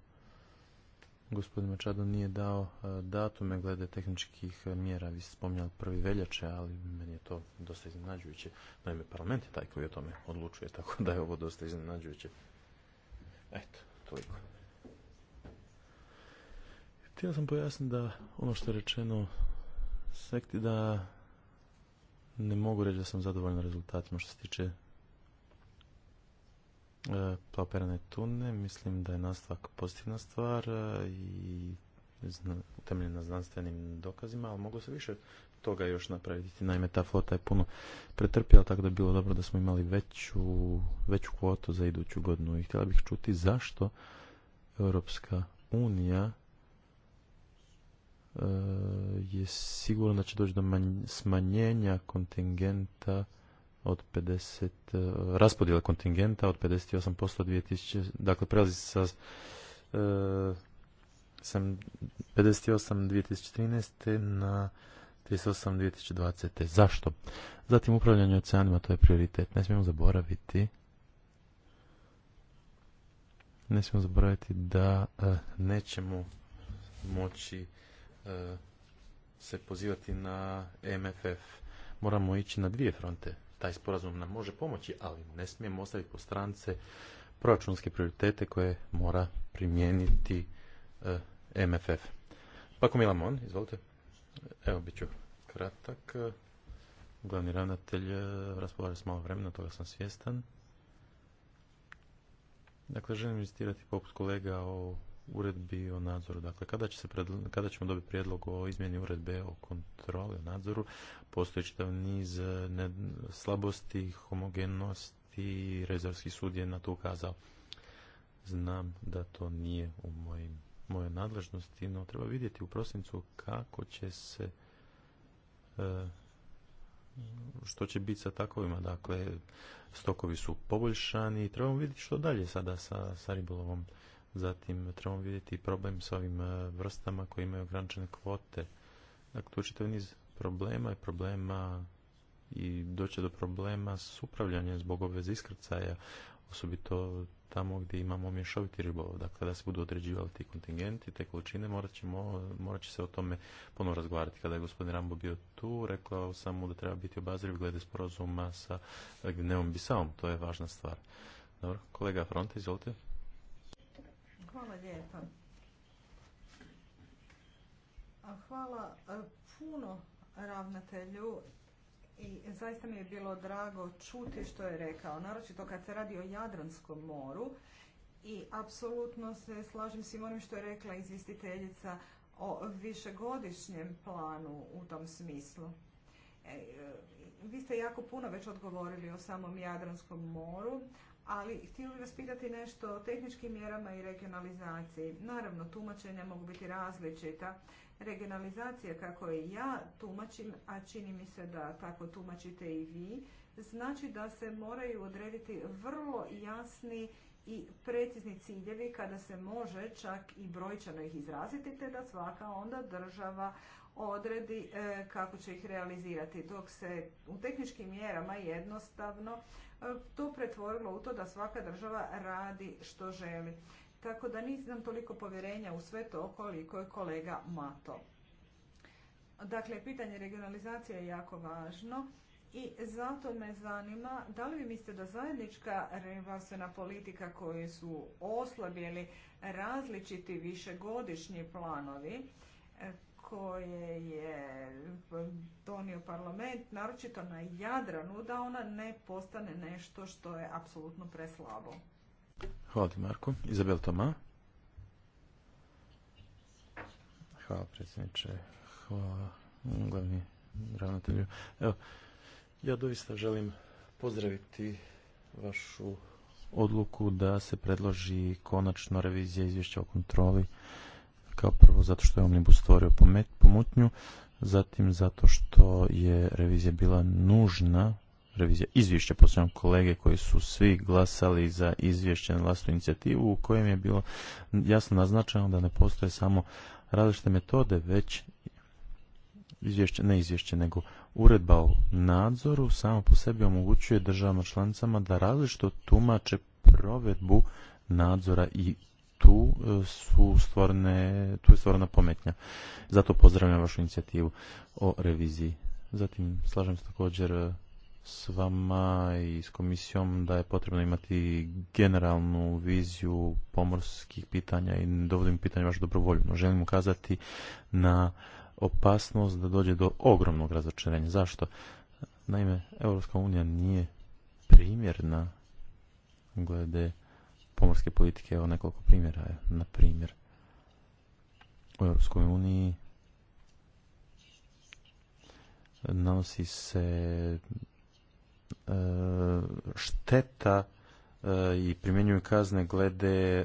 Gospodin Mačado nije dao e, datume glede tehničkih e, mjera. Vi ste spominjali prvi veljače, ali meni je to dosta iznenađujuće. Naime, parlament je taj koji o tome odlučuje, [LAUGHS] tako da je ovo dosta iznenađujuće. Eto, toliko. Htio sam pojasniti da ono što je rečeno sekti da ne mogu reći da sam zadovoljan rezultatima što se tiče E, plaperane tune, mislim da je nastavak pozitivna stvar e, i temeljena na znanstvenim dokazima, ali mogu se više toga još napraviti. Naime, ta flota je puno pretrpjela, tako da bi bilo dobro da smo imali veću, veću kvotu za iduću godinu. I htjela bih čuti zašto Europska unija e, je sigurno da će doći do smanjenja kontingenta od 50, e, raspodjela kontingenta od 58% 2000, dakle prelazi sa e, sam 58 2013. na 38 2020. Zašto? Zatim upravljanje oceanima, to je prioritet. Ne smijemo zaboraviti ne smijemo zaboraviti da e, nećemo moći e, se pozivati na MFF. Moramo ići na dvije fronte taj sporazum nam može pomoći, ali ne smijemo ostaviti po strance proračunske prioritete koje mora primijeniti e, eh, MFF. Pako Milamon, izvolite. Evo, bit ću kratak. Glavni ravnatelj eh, raspolaže s malo vremena, toga sam svjestan. Dakle, želim investirati poput kolega o uredbi o nadzoru. Dakle, kada, će se kada ćemo dobiti prijedlog o izmjeni uredbe o kontroli, o nadzoru, postoji čitav niz e, slabosti, homogenosti, rezervski sud je na to ukazao. Znam da to nije u mojim, mojoj nadležnosti, no treba vidjeti u prosincu kako će se e, što će biti sa takovima. Dakle, stokovi su poboljšani i trebamo vidjeti što dalje sada sa, sa ribolovom. Zatim trebamo vidjeti problem s ovim e, vrstama koji imaju ograničene kvote. Dakle, tu niz problema i problema i doće do problema s upravljanjem zbog obveze iskrcaja, osobito tamo gdje imamo mješoviti ribolov. Dakle, da se budu određivali ti kontingenti, te količine, morat, ćemo, morat će se o tome ponovno razgovarati. Kada je gospodin Rambo bio tu, rekao sam mu da treba biti obazriv glede sporozuma sa Gneom Bisaom. To je važna stvar. Dobro, kolega Fronte, izvolite. Hvala lijepa. Hvala e, puno ravnatelju i zaista mi je bilo drago čuti što je rekao, naročito kad se radi o Jadranskom moru i apsolutno se slažem s onim što je rekla izvjestiteljica o višegodišnjem planu u tom smislu. E, e, vi ste jako puno već odgovorili o samom Jadranskom moru, ali htjeli vas pitati nešto o tehničkim mjerama i regionalizaciji. Naravno, tumačenja mogu biti različita. Regionalizacija, kako je ja tumačim, a čini mi se da tako tumačite i vi, znači da se moraju odrediti vrlo jasni i precizni ciljevi kada se može čak i brojčano ih izraziti, te da svaka onda država odredi e, kako će ih realizirati, dok se u tehničkim mjerama jednostavno e, to pretvorilo u to da svaka država radi što želi. Tako da nisam toliko povjerenja u sve to koliko je kolega Mato. Dakle, pitanje regionalizacije je jako važno i zato me zanima da li vi mislite da zajednička ribarstvena politika koju su oslabili različiti višegodišnji planovi, e, koje je donio parlament, naročito na Jadranu, da ona ne postane nešto što je apsolutno preslabo. Hvala ti Marko. Izabel Toma. Hvala predsjedniče. Hvala glavni ravnatelju. Evo, ja doista želim pozdraviti vašu odluku da se predloži konačno revizija izvješća o kontroli kao prvo zato što je Omnibus stvorio pomutnju, zatim zato što je revizija bila nužna, revizija izvješća, posebno kolege koji su svi glasali za izvješće na vlastnu inicijativu u kojem je bilo jasno naznačeno da ne postoje samo različite metode, već izvješće, ne izvješće, nego uredba o nadzoru samo po sebi omogućuje državama članicama da različito tumače provedbu nadzora i tu e, su stvarne, tu je stvorena pometnja. Zato pozdravljam vašu inicijativu o reviziji. Zatim slažem se također e, s vama i s komisijom da je potrebno imati generalnu viziju pomorskih pitanja i dovodim pitanje vašu dobrovolju. No, želim ukazati na opasnost da dođe do ogromnog razočarenja. Zašto? Naime, Europska unija nije primjerna glede pomorske politike, evo nekoliko primjera, na primjer. U Europskoj uniji nanosi se e, šteta e, i primjenjuju kazne glede e,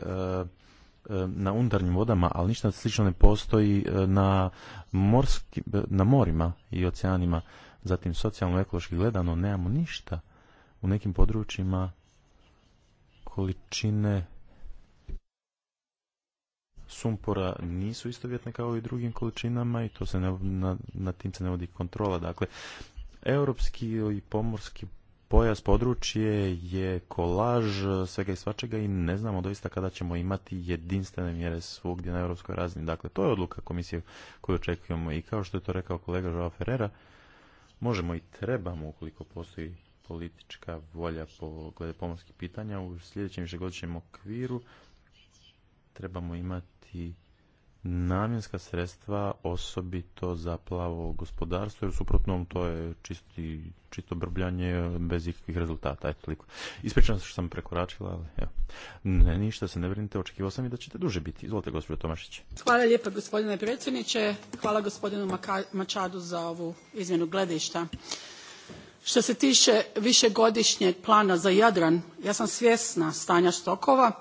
na undarnjim vodama, ali ništa slično ne postoji na, morski, na morima i oceanima. Zatim socijalno-ekološki gledano nemamo ništa. U nekim područjima količine sumpora nisu istovjetne kao i drugim količinama i to se na, na tim se ne vodi kontrola. Dakle, europski i pomorski pojas područje je kolaž svega i svačega i ne znamo doista kada ćemo imati jedinstvene mjere svugdje na europskoj razini. Dakle, to je odluka komisije koju očekujemo i kao što je to rekao kolega Joao Ferrera, možemo i trebamo, ukoliko postoji politička volja po glede pomorskih pitanja u sljedećem višegodišnjem okviru trebamo imati namjenska sredstva osobito za plavo gospodarstvo jer suprotno to je čisti, čisto brbljanje bez ikakvih rezultata. Eto, toliko. Ispričavam se što sam prekoračila, ali evo. Ne, ništa se ne brinite, očekivao sam i da ćete duže biti. Izvolite, gospođo Tomašić. Hvala lijepa, gospodine predsjedniče. Hvala gospodinu Mačadu za ovu izmjenu gledišta što se tiče višegodišnjeg plana za jadran ja sam svjesna stanja stokova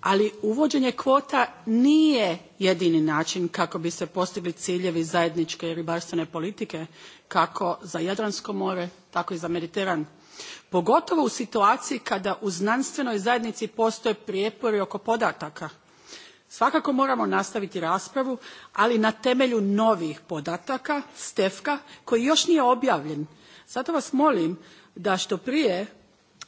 ali uvođenje kvota nije jedini način kako bi se postigli ciljevi zajedničke ribarstvene politike kako za jadransko more tako i za mediteran pogotovo u situaciji kada u znanstvenoj zajednici postoje prijepori oko podataka svakako moramo nastaviti raspravu ali na temelju novih podataka stefka koji još nije objavljen zato vas molim da što prije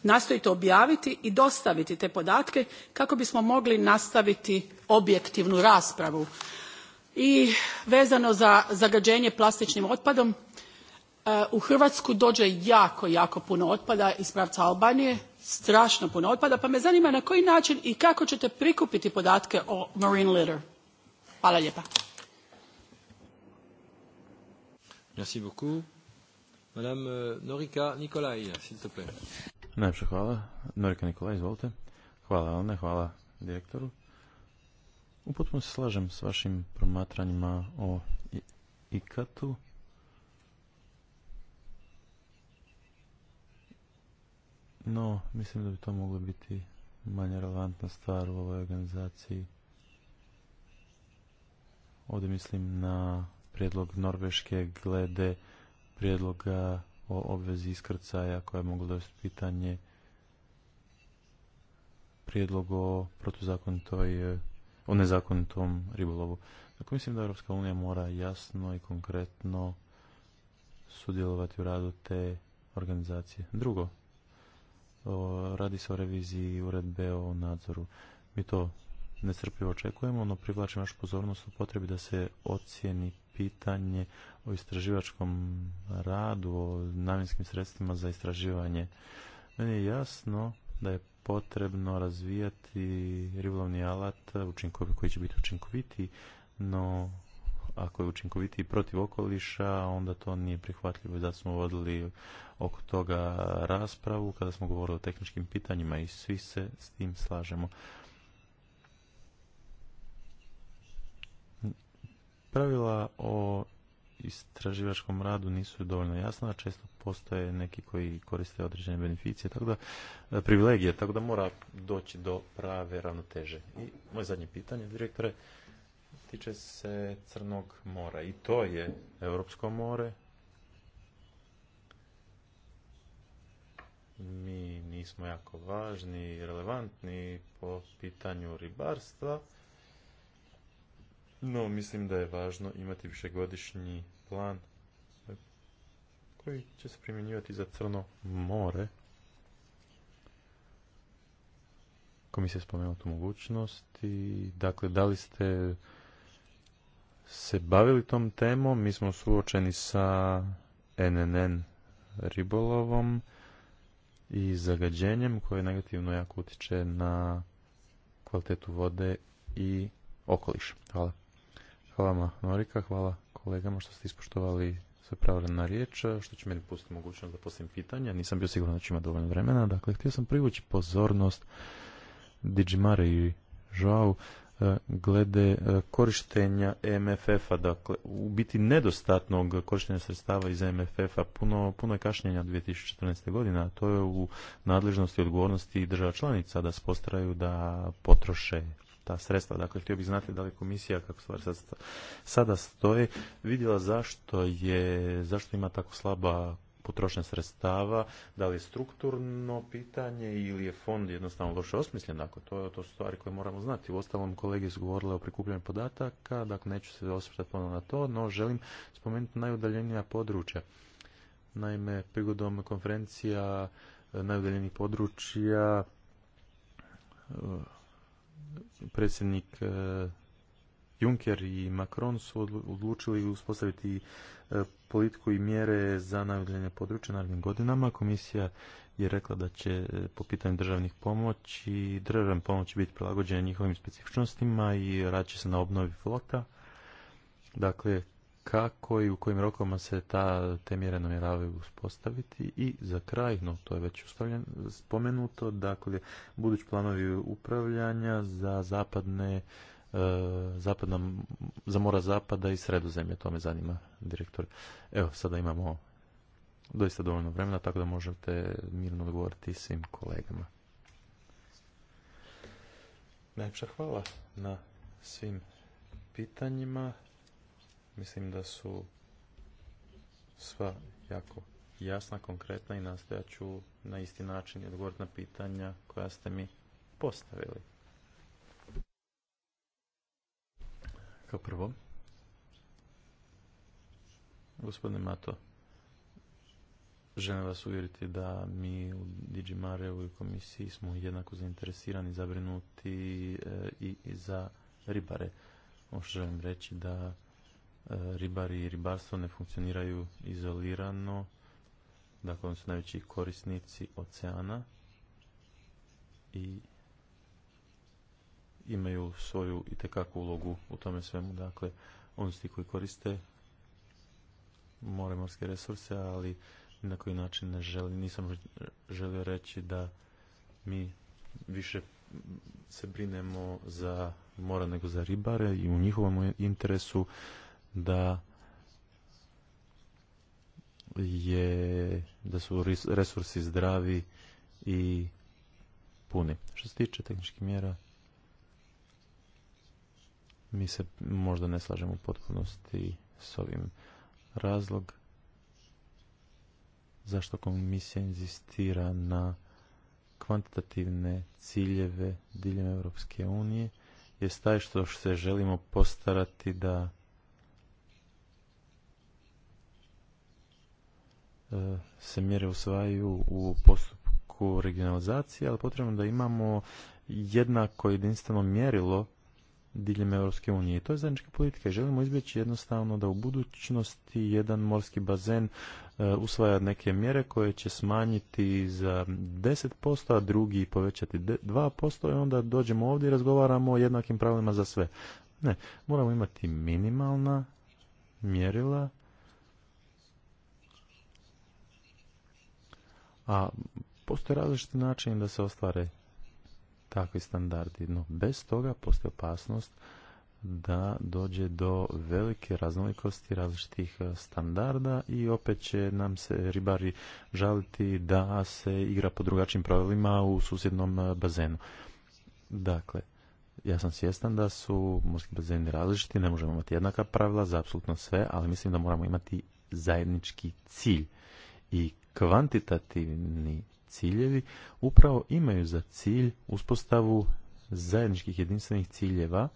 nastojite objaviti i dostaviti te podatke kako bismo mogli nastaviti objektivnu raspravu i vezano za zagađenje plastičnim otpadom e, u hrvatsku dođe jako jako puno otpada iz pravca albanije strašno puno otpada pa me zanima na koji način i kako ćete prikupiti podatke o marine litter. hvala lijepa. Madame euh, Norika Nikolaj, hvala. Norika Nikolaj, izvolite. Hvala Alne, hvala direktoru. U potpuno se slažem s vašim promatranjima o ikatu. No, mislim da bi to moglo biti manje relevantna stvar u ovoj organizaciji. Ovdje mislim na prijedlog Norveške glede prijedloga o obvezi iskrcaja koja je mogla dovesti pitanje prijedlog o protuzakonitoj, o nezakonitom ribolovu. Dakle, mislim da Europska unija mora jasno i konkretno sudjelovati u radu te organizacije. Drugo, radi se o reviziji uredbe o nadzoru. Mi to nestrpljivo očekujemo, no privlačim vašu pozornost u potrebi da se ocijeni pitanje o istraživačkom radu, o namjenskim sredstvima za istraživanje. Meni je jasno da je potrebno razvijati ribolovni alat koji će biti učinkovitiji, no ako je učinkovitiji protiv okoliša, onda to nije prihvatljivo i zato smo vodili oko toga raspravu kada smo govorili o tehničkim pitanjima i svi se s tim slažemo. Pravila o istraživačkom radu nisu dovoljno jasna, često postoje neki koji koriste određene beneficije, tako da e, privilegije, tako da mora doći do prave ravnoteže. I moje zadnje pitanje, direktore, tiče se Crnog mora i to je Europsko more. Mi nismo jako važni i relevantni po pitanju ribarstva no, mislim da je važno imati višegodišnji plan koji će se primjenjivati za Crno more. Komisija spomenula tu mogućnost i dakle, da li ste se bavili tom temom? Mi smo suočeni sa NNN ribolovom i zagađenjem koje negativno jako utječe na kvalitetu vode i okoliš. Hvala. Hvala Norika, hvala kolegama što ste ispoštovali sve pravila na riječ, što će meni pustiti mogućnost da postavim pitanja. Nisam bio siguran da ću imati dovoljno vremena. Dakle, htio sam privući pozornost Digimare i žao, e, glede e, korištenja e MFF-a, dakle, u biti nedostatnog korištenja sredstava iz MFF-a, puno, puno je kašnjenja 2014. godina, to je u nadležnosti i odgovornosti država članica da se postaraju da potroše ta sredstva. Dakle, htio bih znati da li komisija, kako stvar sad, sada stoji, vidjela zašto je, zašto ima tako slaba potrošnja sredstava, da li je strukturno pitanje ili je fond jednostavno loše osmisljen, dakle, to, to su stvari koje moramo znati. Uostalom, kolege su govorile o prikupljanju podataka, dakle, neću se osvrtati ponovno na to, no želim spomenuti najudaljenija područja. Naime, prigodom konferencija eh, najudaljenih područja eh, predsjednik e, Juncker i Macron su odlučili uspostaviti e, politiku i mjere za najudljenje područja narednim godinama. Komisija je rekla da će e, po pitanju državnih pomoći, državne pomoći biti prilagođena njihovim specifičnostima i radit će se na obnovi flota. Dakle, kako i u kojim rokovima se ta, te mjere namjeravaju uspostaviti i za kraj, no to je već spomenuto, dakle, budući planovi upravljanja za zapadne e, zapadna, za mora zapada i sredozemlje, to me zanima direktor. Evo, sada imamo doista dovoljno vremena, tako da možete mirno odgovoriti svim kolegama. Najpša hvala na svim pitanjima. Mislim da su sva jako jasna, konkretna i nastojat ću na isti način odgovoriti na pitanja koja ste mi postavili. Kao prvo, gospodine Mato, želim vas uvjeriti da mi u Digimare u komisiji smo jednako zainteresirani, zabrinuti e, i za ribare. Ono što želim reći da ribari i ribarstvo ne funkcioniraju izolirano, dakle oni su najveći korisnici oceana i imaju svoju i tekakvu ulogu u tome svemu. Dakle, oni su ti koji koriste more, morske resurse, ali na koji način ne želi, nisam želio reći da mi više se brinemo za mora nego za ribare i u njihovom interesu da je da su resursi zdravi i puni. Što se tiče tehničkih mjera, mi se možda ne slažemo u potpunosti s ovim razlog zašto komisija inzistira na kvantitativne ciljeve diljem Europske unije je taj što se želimo postarati da E, se mjere usvajaju u postupku regionalizacije, ali potrebno da imamo jednako jedinstveno mjerilo diljem Europske unije. I to je zajednička politika. Želimo izbjeći jednostavno da u budućnosti jedan morski bazen e, usvaja neke mjere koje će smanjiti za 10%, a drugi povećati 2% i onda dođemo ovdje i razgovaramo o jednakim pravilima za sve. Ne, moramo imati minimalna mjerila A postoje različiti načini da se ostvare takvi standardi. No, bez toga postoji opasnost da dođe do velike raznolikosti različitih e, standarda i opet će nam se ribari žaliti da se igra po drugačijim pravilima u susjednom e, bazenu. Dakle, ja sam svjestan da su morski bazeni različiti, ne možemo imati jednaka pravila za apsolutno sve, ali mislim da moramo imati zajednički cilj. I kvantitativni ciljevi upravo imaju za cilj uspostavu zajedničkih jedinstvenih ciljeva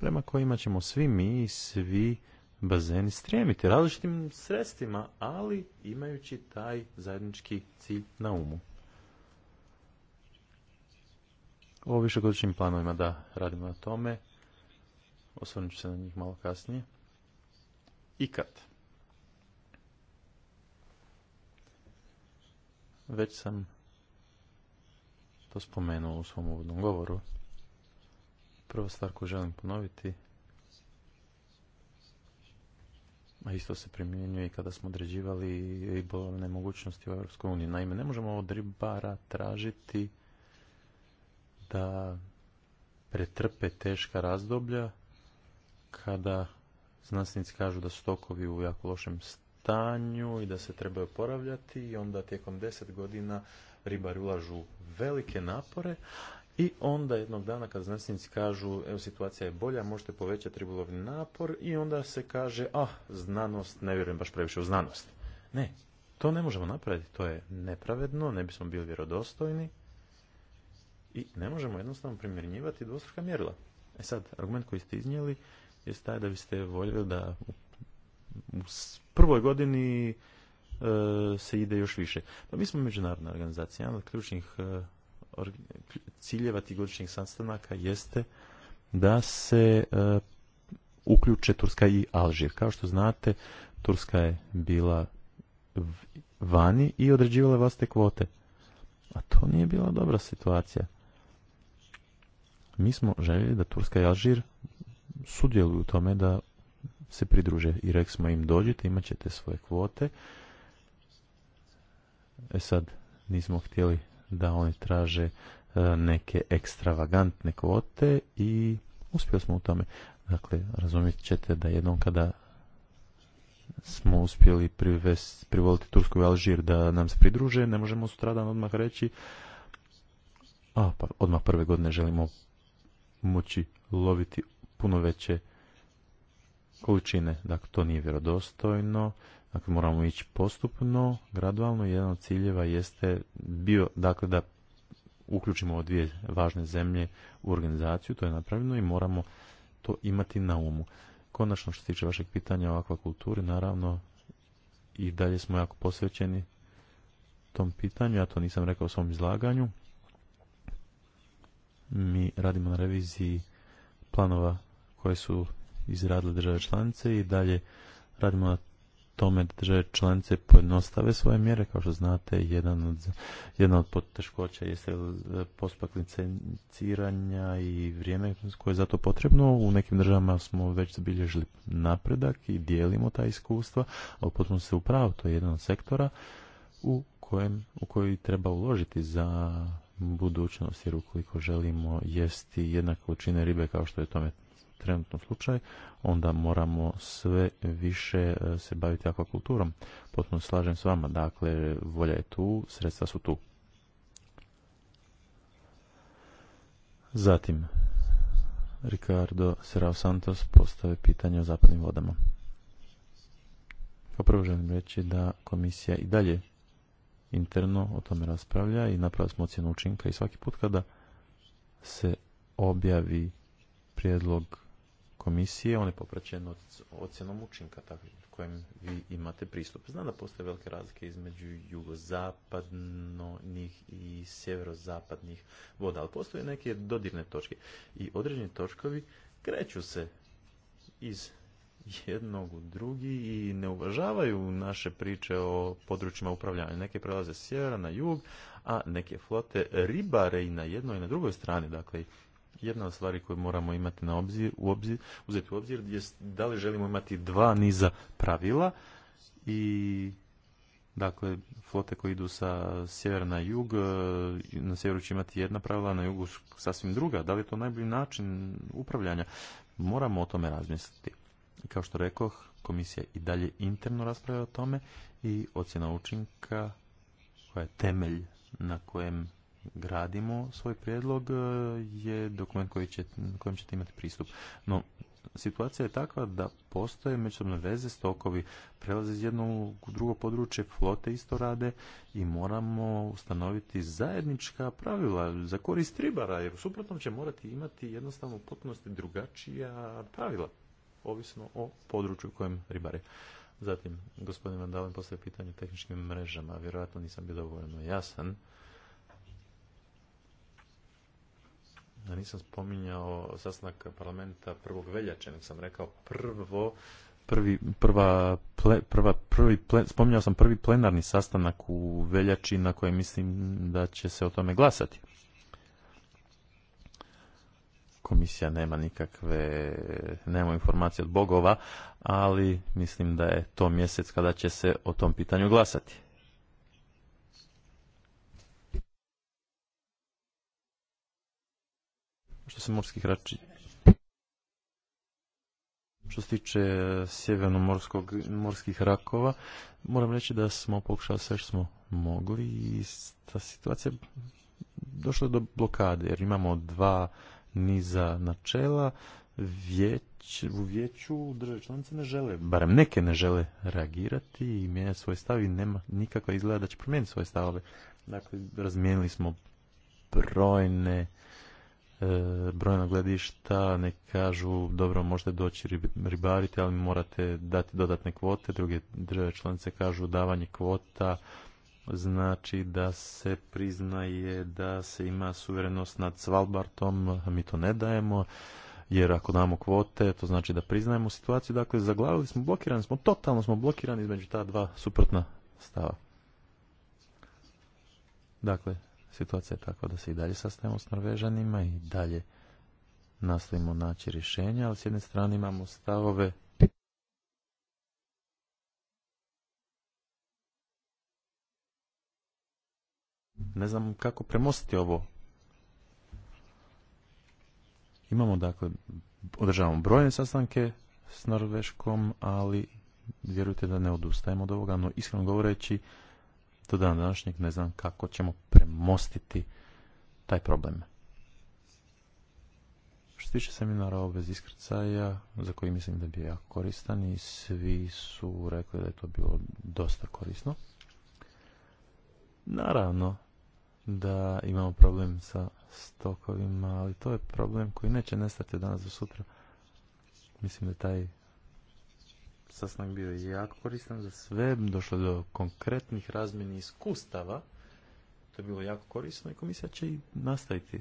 prema kojima ćemo svi mi, i svi bazeni strijemiti različitim sredstvima, ali imajući taj zajednički cilj na umu. O višegodišnjim planovima da radimo na tome. osvrnit ću se na njih malo kasnije. Ikad. Već sam to spomenuo u svom uvodnom govoru. Prva stvar koju želim ponoviti, a isto se primjenjuje i kada smo određivali ribolovne mogućnosti u EU. Naime, ne možemo od ribara tražiti da pretrpe teška razdoblja kada znanstvenici kažu da stokovi u jako lošem stanju i da se trebaju poravljati i onda tijekom deset godina ribari ulažu velike napore i onda jednog dana kad znanstvenici kažu evo situacija je bolja, možete povećati ribolovni napor i onda se kaže ah, znanost, ne vjerujem baš previše u znanost. Ne, to ne možemo napraviti, to je nepravedno, ne bismo bili vjerodostojni i ne možemo jednostavno primjenjivati dvostruka mjerila. E sad, argument koji ste iznijeli je taj da biste voljeli da u prvoj godini e, se ide još više. Pa mi smo međunarodna organizacija. Jedan od ključnih e, ciljeva tih godišnjih sastanaka jeste da se e, uključe Turska i Alžir. Kao što znate, Turska je bila vani i određivala vlastite kvote. A to nije bila dobra situacija. Mi smo željeli da Turska i Alžir sudjeluju u tome da se pridruže i rek smo im dođite, imat ćete svoje kvote. E sad, nismo htjeli da oni traže e, neke ekstravagantne kvote i uspjeli smo u tome. Dakle, razumjet ćete da jednom kada smo uspjeli privoliti Tursku i Alžir da nam se pridruže, ne možemo sutradan odmah reći a, pa odmah prve godine želimo moći loviti puno veće količine. Dakle, to nije vjerodostojno. Dakle, moramo ići postupno, gradualno. Jedan od ciljeva jeste bio, dakle, da uključimo ove dvije važne zemlje u organizaciju, to je napravljeno i moramo to imati na umu. Konačno, što se tiče vašeg pitanja o akvakulturi, naravno, i dalje smo jako posvećeni tom pitanju, ja to nisam rekao u svom izlaganju. Mi radimo na reviziji planova koje su izradile države članice i dalje radimo na tome da države članice pojednostave svoje mjere. Kao što znate, jedan od, jedna od poteškoća jeste e, postupak licenciranja i vrijeme koje je za to potrebno. U nekim državama smo već zabilježili napredak i dijelimo ta iskustva, ali potpuno se upravo, to je jedan od sektora u, kojem, u koji treba uložiti za budućnost, jer ukoliko želimo jesti jednako učine ribe kao što je tome trenutno slučaj, onda moramo sve više e, se baviti akvakulturom. Potpuno slažem s vama, dakle, volja je tu, sredstva su tu. Zatim, Ricardo Serao Santos postave pitanje o zapadnim vodama. Kao prvo želim reći da komisija i dalje interno o tome raspravlja i napravili smo ocjenu učinka i svaki put kada se objavi prijedlog komisije, on je popraćen ocjenom učinka takvim kojem vi imate pristup. Znam da postoje velike razlike između jugozapadnih i sjeverozapadnih voda, ali postoje neke dodirne točke. I određeni točkovi kreću se iz jednog u drugi i ne uvažavaju naše priče o područjima upravljanja. Neke prelaze s sjevera na jug, a neke flote ribare i na jednoj i na drugoj strani. Dakle, jedna od stvari koju moramo imati na obzir, u obzir, uzeti u obzir je da li želimo imati dva niza pravila i dakle flote koje idu sa sjever na jug, e, na sjeveru će imati jedna pravila, na jugu sasvim druga. Da li je to najbolji način upravljanja? Moramo o tome razmisliti. Kao što rekoh, komisija i dalje interno raspravlja o tome i ocjena učinka koja je temelj na kojem gradimo svoj prijedlog e, je dokument koji će, kojem ćete imati pristup. No, situacija je takva da postoje međusobne veze, stokovi prelaze iz jednog u drugo područje, flote isto rade i moramo ustanoviti zajednička pravila za korist ribara, jer suprotno će morati imati jednostavno u potpunosti drugačija pravila, ovisno o području u kojem ribare. Zatim, gospodin Vandalen postoje pitanje o tehničkim mrežama, vjerojatno nisam bio dovoljno jasan. da nisam spominjao sastanak parlamenta prvog veljače, nego sam rekao prvo prvi, prva, prva, prvi ple, spominjao sam prvi plenarni sastanak u veljači na kojem mislim da će se o tome glasati. Komisija nema nikakve, nema informacije od bogova, ali mislim da je to mjesec kada će se o tom pitanju glasati. Što se morskih rači... Što se tiče e, sjeverno morskih rakova, moram reći da smo pokušali sve što smo mogli i ta situacija došla do blokade, jer imamo dva niza načela, u vijeću države članice ne žele, barem neke ne žele reagirati i mijenjati svoje stav i nema nikakva izgleda da će promijeniti svoje stavove. Dakle, razmijenili smo brojne E, brojna gledišta, ne kažu dobro možete doći ribariti, ali morate dati dodatne kvote, druge države članice kažu davanje kvota znači da se priznaje da se ima suverenost nad Svalbartom, mi to ne dajemo, jer ako damo kvote, to znači da priznajemo situaciju, dakle zaglavili smo, blokirani smo, totalno smo blokirani između ta dva suprotna stava. Dakle, situacija je takva da se i dalje sastajemo s Norvežanima i dalje nastavimo naći rješenja, ali s jedne strane imamo stavove ne znam kako premostiti ovo. Imamo dakle, održavamo brojne sastanke s Norveškom, ali vjerujte da ne odustajemo od ovoga, no iskreno govoreći do dana današnjeg ne znam kako ćemo premostiti taj problem. Što se tiče seminara o bez iskrcaja, za koji mislim da bi jako koristan i svi su rekli da je to bilo dosta korisno. Naravno da imamo problem sa stokovima, ali to je problem koji neće nestati danas do sutra. Mislim da taj sastanak bio jako koristan za sve, došlo do konkretnih razmjeni iskustava, to je bilo jako korisno i komisija će i nastaviti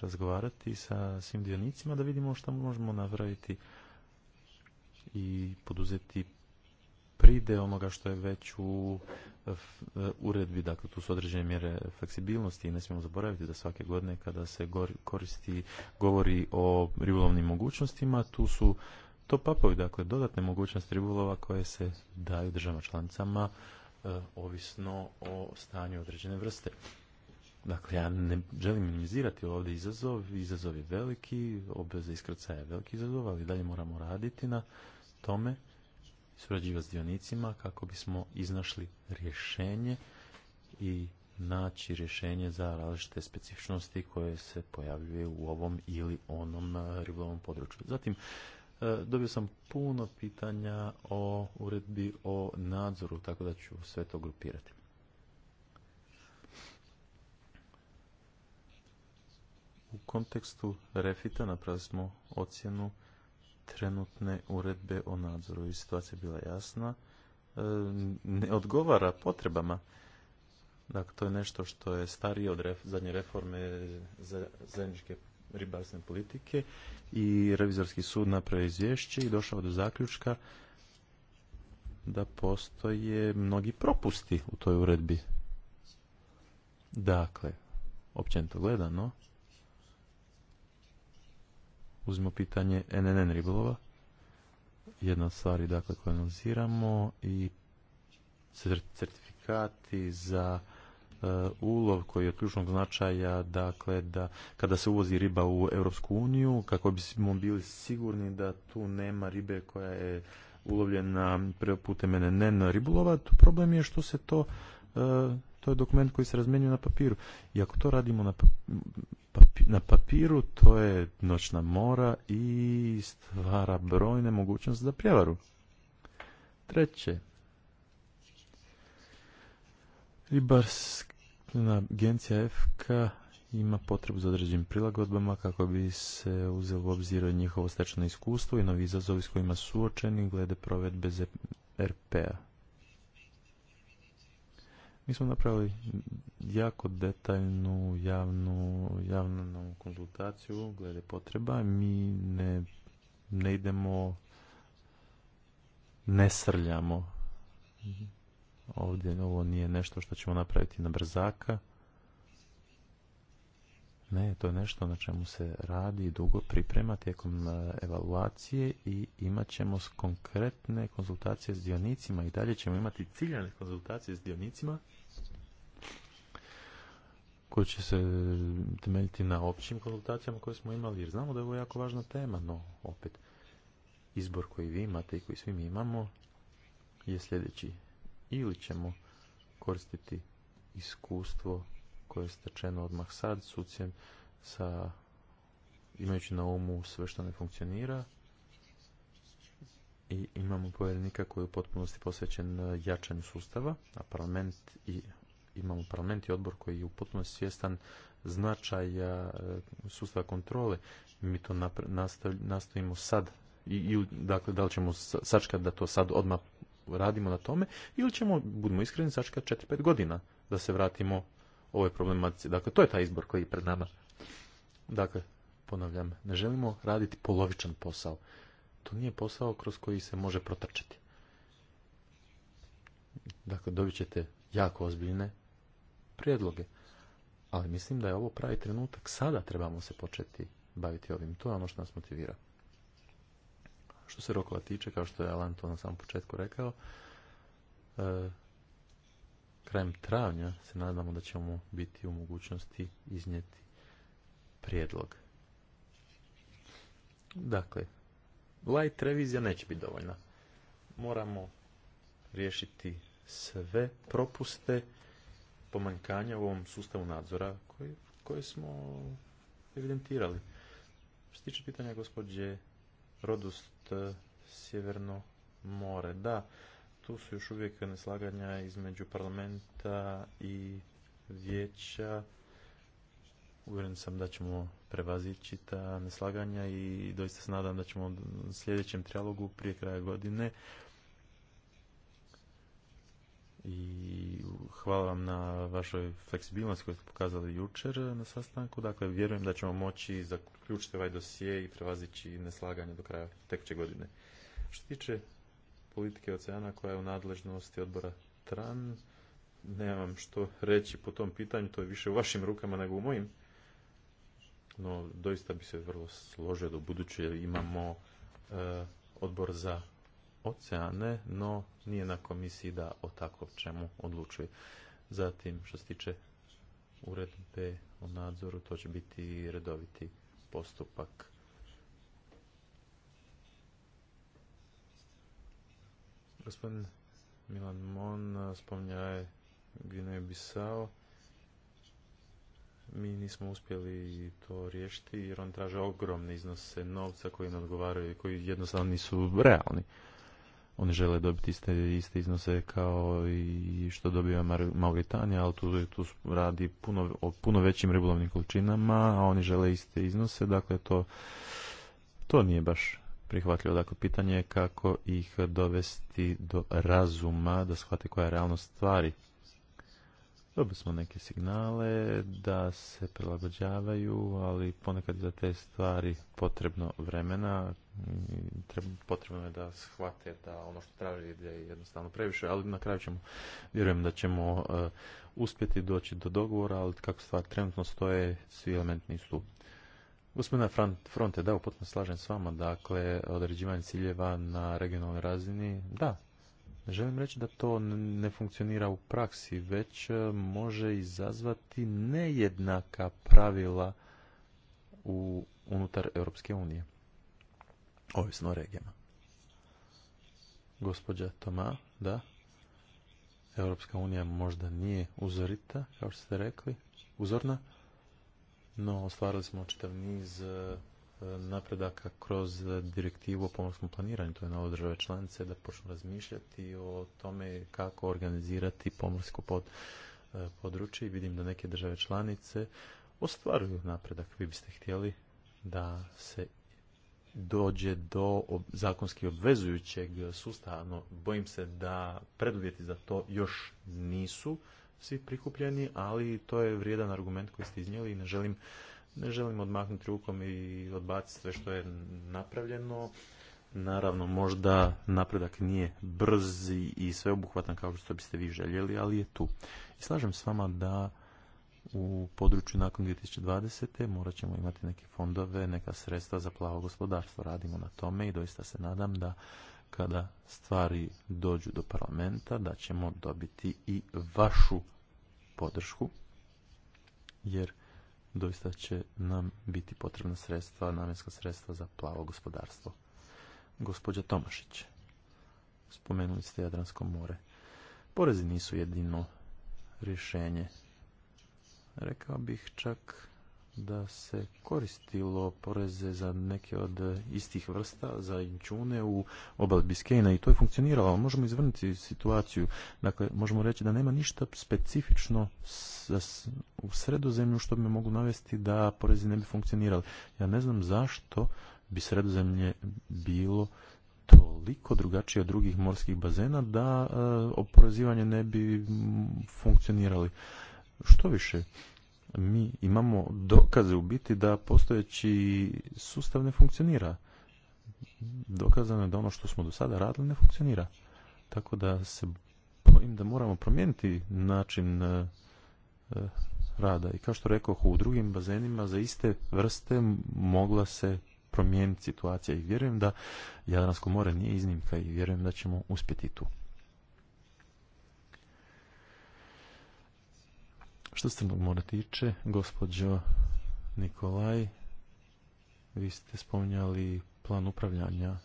razgovarati sa svim dionicima da vidimo što možemo napraviti i poduzeti pride onoga što je već u uredbi, dakle tu su određene mjere fleksibilnosti i ne smijemo zaboraviti da svake godine kada se koristi, govori o ribolovnim mogućnostima, tu su to upovi dakle dodatne mogućnosti ribolova koje se daju državama članicama e, ovisno o stanju određene vrste. Dakle, ja ne želim minimizirati ovdje izazov, izazov je veliki, obveza iskrcaja je veliki izazov, ali dalje moramo raditi na tome, surađivati s dionicima kako bismo iznašli rješenje i naći rješenje za različite specifičnosti koje se pojavljuju u ovom ili onom e, ribolovnom području. Zatim, E, dobio sam puno pitanja o uredbi o nadzoru, tako da ću sve to grupirati. U kontekstu refita napravili smo ocjenu trenutne uredbe o nadzoru i situacija je bila jasna. E, ne odgovara potrebama. Dakle, to je nešto što je starije od zadnje reforme zajedničke ribarstvene politike i revizorski sud napravio izvješće i došao do zaključka da postoje mnogi propusti u toj uredbi. Dakle, općenito gledano, uzmimo pitanje NNN ribolova, jedna od stvari dakle, koje analiziramo i certifikati za E, ulov koji je od ključnog značaja, dakle, da kada se uvozi riba u Europsku uniju, kako bismo bili sigurni da tu nema ribe koja je ulovljena putem ribulova ribolova, problem je što se to e, to je dokument koji se razmenjuje na papiru. I ako to radimo na, na papiru, to je noćna mora i stvara brojne mogućnosti za prijevaru. Treće. Ribarsk, agencija FK ima potrebu za određenim prilagodbama kako bi se uzelo u obzir njihovo stečeno iskustvo i novi izazovi s kojima su glede provedbe RP-a. Mi smo napravili jako detaljnu javnu, javnu konzultaciju glede potreba. Mi ne, ne idemo, ne srljamo ovdje ovo nije nešto što ćemo napraviti na brzaka. Ne, to je nešto na čemu se radi dugo priprema tijekom e, evaluacije i imat ćemo konkretne konzultacije s dionicima i dalje ćemo imati ciljane konzultacije s dionicima koje će se temeljiti na općim konzultacijama koje smo imali jer znamo da je ovo jako važna tema, no opet izbor koji vi imate i koji svi mi imamo je sljedeći ili ćemo koristiti iskustvo koje je stečeno odmah sad sucijem sa imajući na umu sve što ne funkcionira i imamo povjerenika koji je u potpunosti posvećen e, jačanju sustava, a parlament i imamo parlament i odbor koji je u potpunosti svjestan značaja e, sustava kontrole. Mi to nastavimo sad i, i dakle da li ćemo sačkati da to sad odmah radimo na tome ili ćemo, budimo iskreni, sačekati 4-5 godina da se vratimo ovoj problematici. Dakle, to je taj izbor koji je pred nama. Dakle, ponavljam, ne želimo raditi polovičan posao. To nije posao kroz koji se može protrčati. Dakle, dobit ćete jako ozbiljne prijedloge. Ali mislim da je ovo pravi trenutak. Sada trebamo se početi baviti ovim. To je ono što nas motivira. Što se rokova tiče, kao što je Alan to na samom početku rekao, e, krajem travnja se nadamo da ćemo biti u mogućnosti iznijeti prijedlog. Dakle, light revizija neće biti dovoljna. Moramo riješiti sve propuste pomanjkanja u ovom sustavu nadzora koje, koje smo evidentirali. Što se tiče pitanja gospođe Rodost e, Sjeverno more. Da, tu su još uvijek neslaganja između parlamenta i vijeća. Uvjeren sam da ćemo prevazići ta neslaganja i doista se nadam da ćemo u sljedećem trialogu prije kraja godine i hvala vam na vašoj fleksibilnosti koju ste pokazali jučer na sastanku. Dakle, vjerujem da ćemo moći zaključiti ovaj dosije i prevazići neslaganje do kraja tekuće godine. Što tiče politike oceana koja je u nadležnosti odbora TRAN, nemam što reći po tom pitanju, to je više u vašim rukama nego u mojim. No, doista bi se vrlo složio da u buduće imamo e, odbor za oceane, no nije na komisiji da o takvom čemu odlučuje. Zatim, što se tiče uredbe o nadzoru, to će biti redoviti postupak. Gospodin Milan Mon spominjao je Gvineju Bisao. Mi nismo uspjeli to riješiti jer on traže ogromne iznose novca koji ne odgovaraju i koji jednostavno nisu realni oni žele dobiti iste, iste iznose kao i što dobiva Mauritanija, ali tu, tu radi puno, o puno većim ribolovnim količinama, a oni žele iste iznose, dakle to, to nije baš prihvatljivo. Dakle, pitanje je kako ih dovesti do razuma, da shvate koja je realnost stvari. Dobili smo neke signale da se prilagođavaju, ali ponekad za te stvari potrebno vremena, potrebno je da shvate da ono što traži ide je jednostavno previše, ali na kraju ćemo, vjerujem da ćemo e, uspjeti doći do dogovora, ali kako stvar trenutno stoje, svi elementi nisu tu. Gospodina Fronte, da, potpuno slažem s vama, dakle, određivanje ciljeva na regionalnoj razini, da, Želim reći da to ne funkcionira u praksi, već e, može izazvati nejednaka pravila u, unutar Europske unije ovisno o regijama. Gospođa Toma, da, Europska unija možda nije uzorita, kao što ste rekli, uzorna, no ostvarili smo čitav niz e, napredaka kroz direktivu o pomorskom planiranju. To je na države članice da počnu razmišljati o tome kako organizirati pomorsko pod, e, područje. Vidim da neke države članice ostvaruju napredak. Vi biste htjeli da se dođe do zakonski obvezujućeg sustava, no bojim se da preduvjeti za to još nisu svi prikupljeni, ali to je vrijedan argument koji ste iznijeli i ne želim, ne odmahnuti rukom i odbaciti sve što je napravljeno. Naravno, možda napredak nije brzi i sveobuhvatan kao što biste vi željeli, ali je tu. I slažem s vama da u području nakon 2020. morat ćemo imati neke fondove, neka sredstva za plavo gospodarstvo. Radimo na tome i doista se nadam da kada stvari dođu do parlamenta da ćemo dobiti i vašu podršku jer doista će nam biti potrebna sredstva, namjenska sredstva za plavo gospodarstvo. Gospođa Tomašić, spomenuli ste Jadransko more. Porezi nisu jedino rješenje Rekao bih čak da se koristilo poreze za neke od istih vrsta, za inčune u obal Biskejna i to je funkcioniralo. Možemo izvrnuti situaciju, dakle možemo reći da nema ništa specifično u sredozemlju što bi me mogu navesti da porezi ne bi funkcionirali. Ja ne znam zašto bi sredozemlje bilo toliko drugačije od drugih morskih bazena da e, oporezivanje ne bi funkcionirali. Što više, mi imamo dokaze u biti da postojeći sustav ne funkcionira. Dokazano je da ono što smo do sada radili ne funkcionira. Tako da se bojim da moramo promijeniti način e, e, rada. I kao što rekao, u drugim bazenima za iste vrste mogla se promijeniti situacija i vjerujem da Jadransko more nije iznimka i vjerujem da ćemo uspjeti tu. Što se mora tiče, gospođo Nikolaj, vi ste spominjali plan upravljanja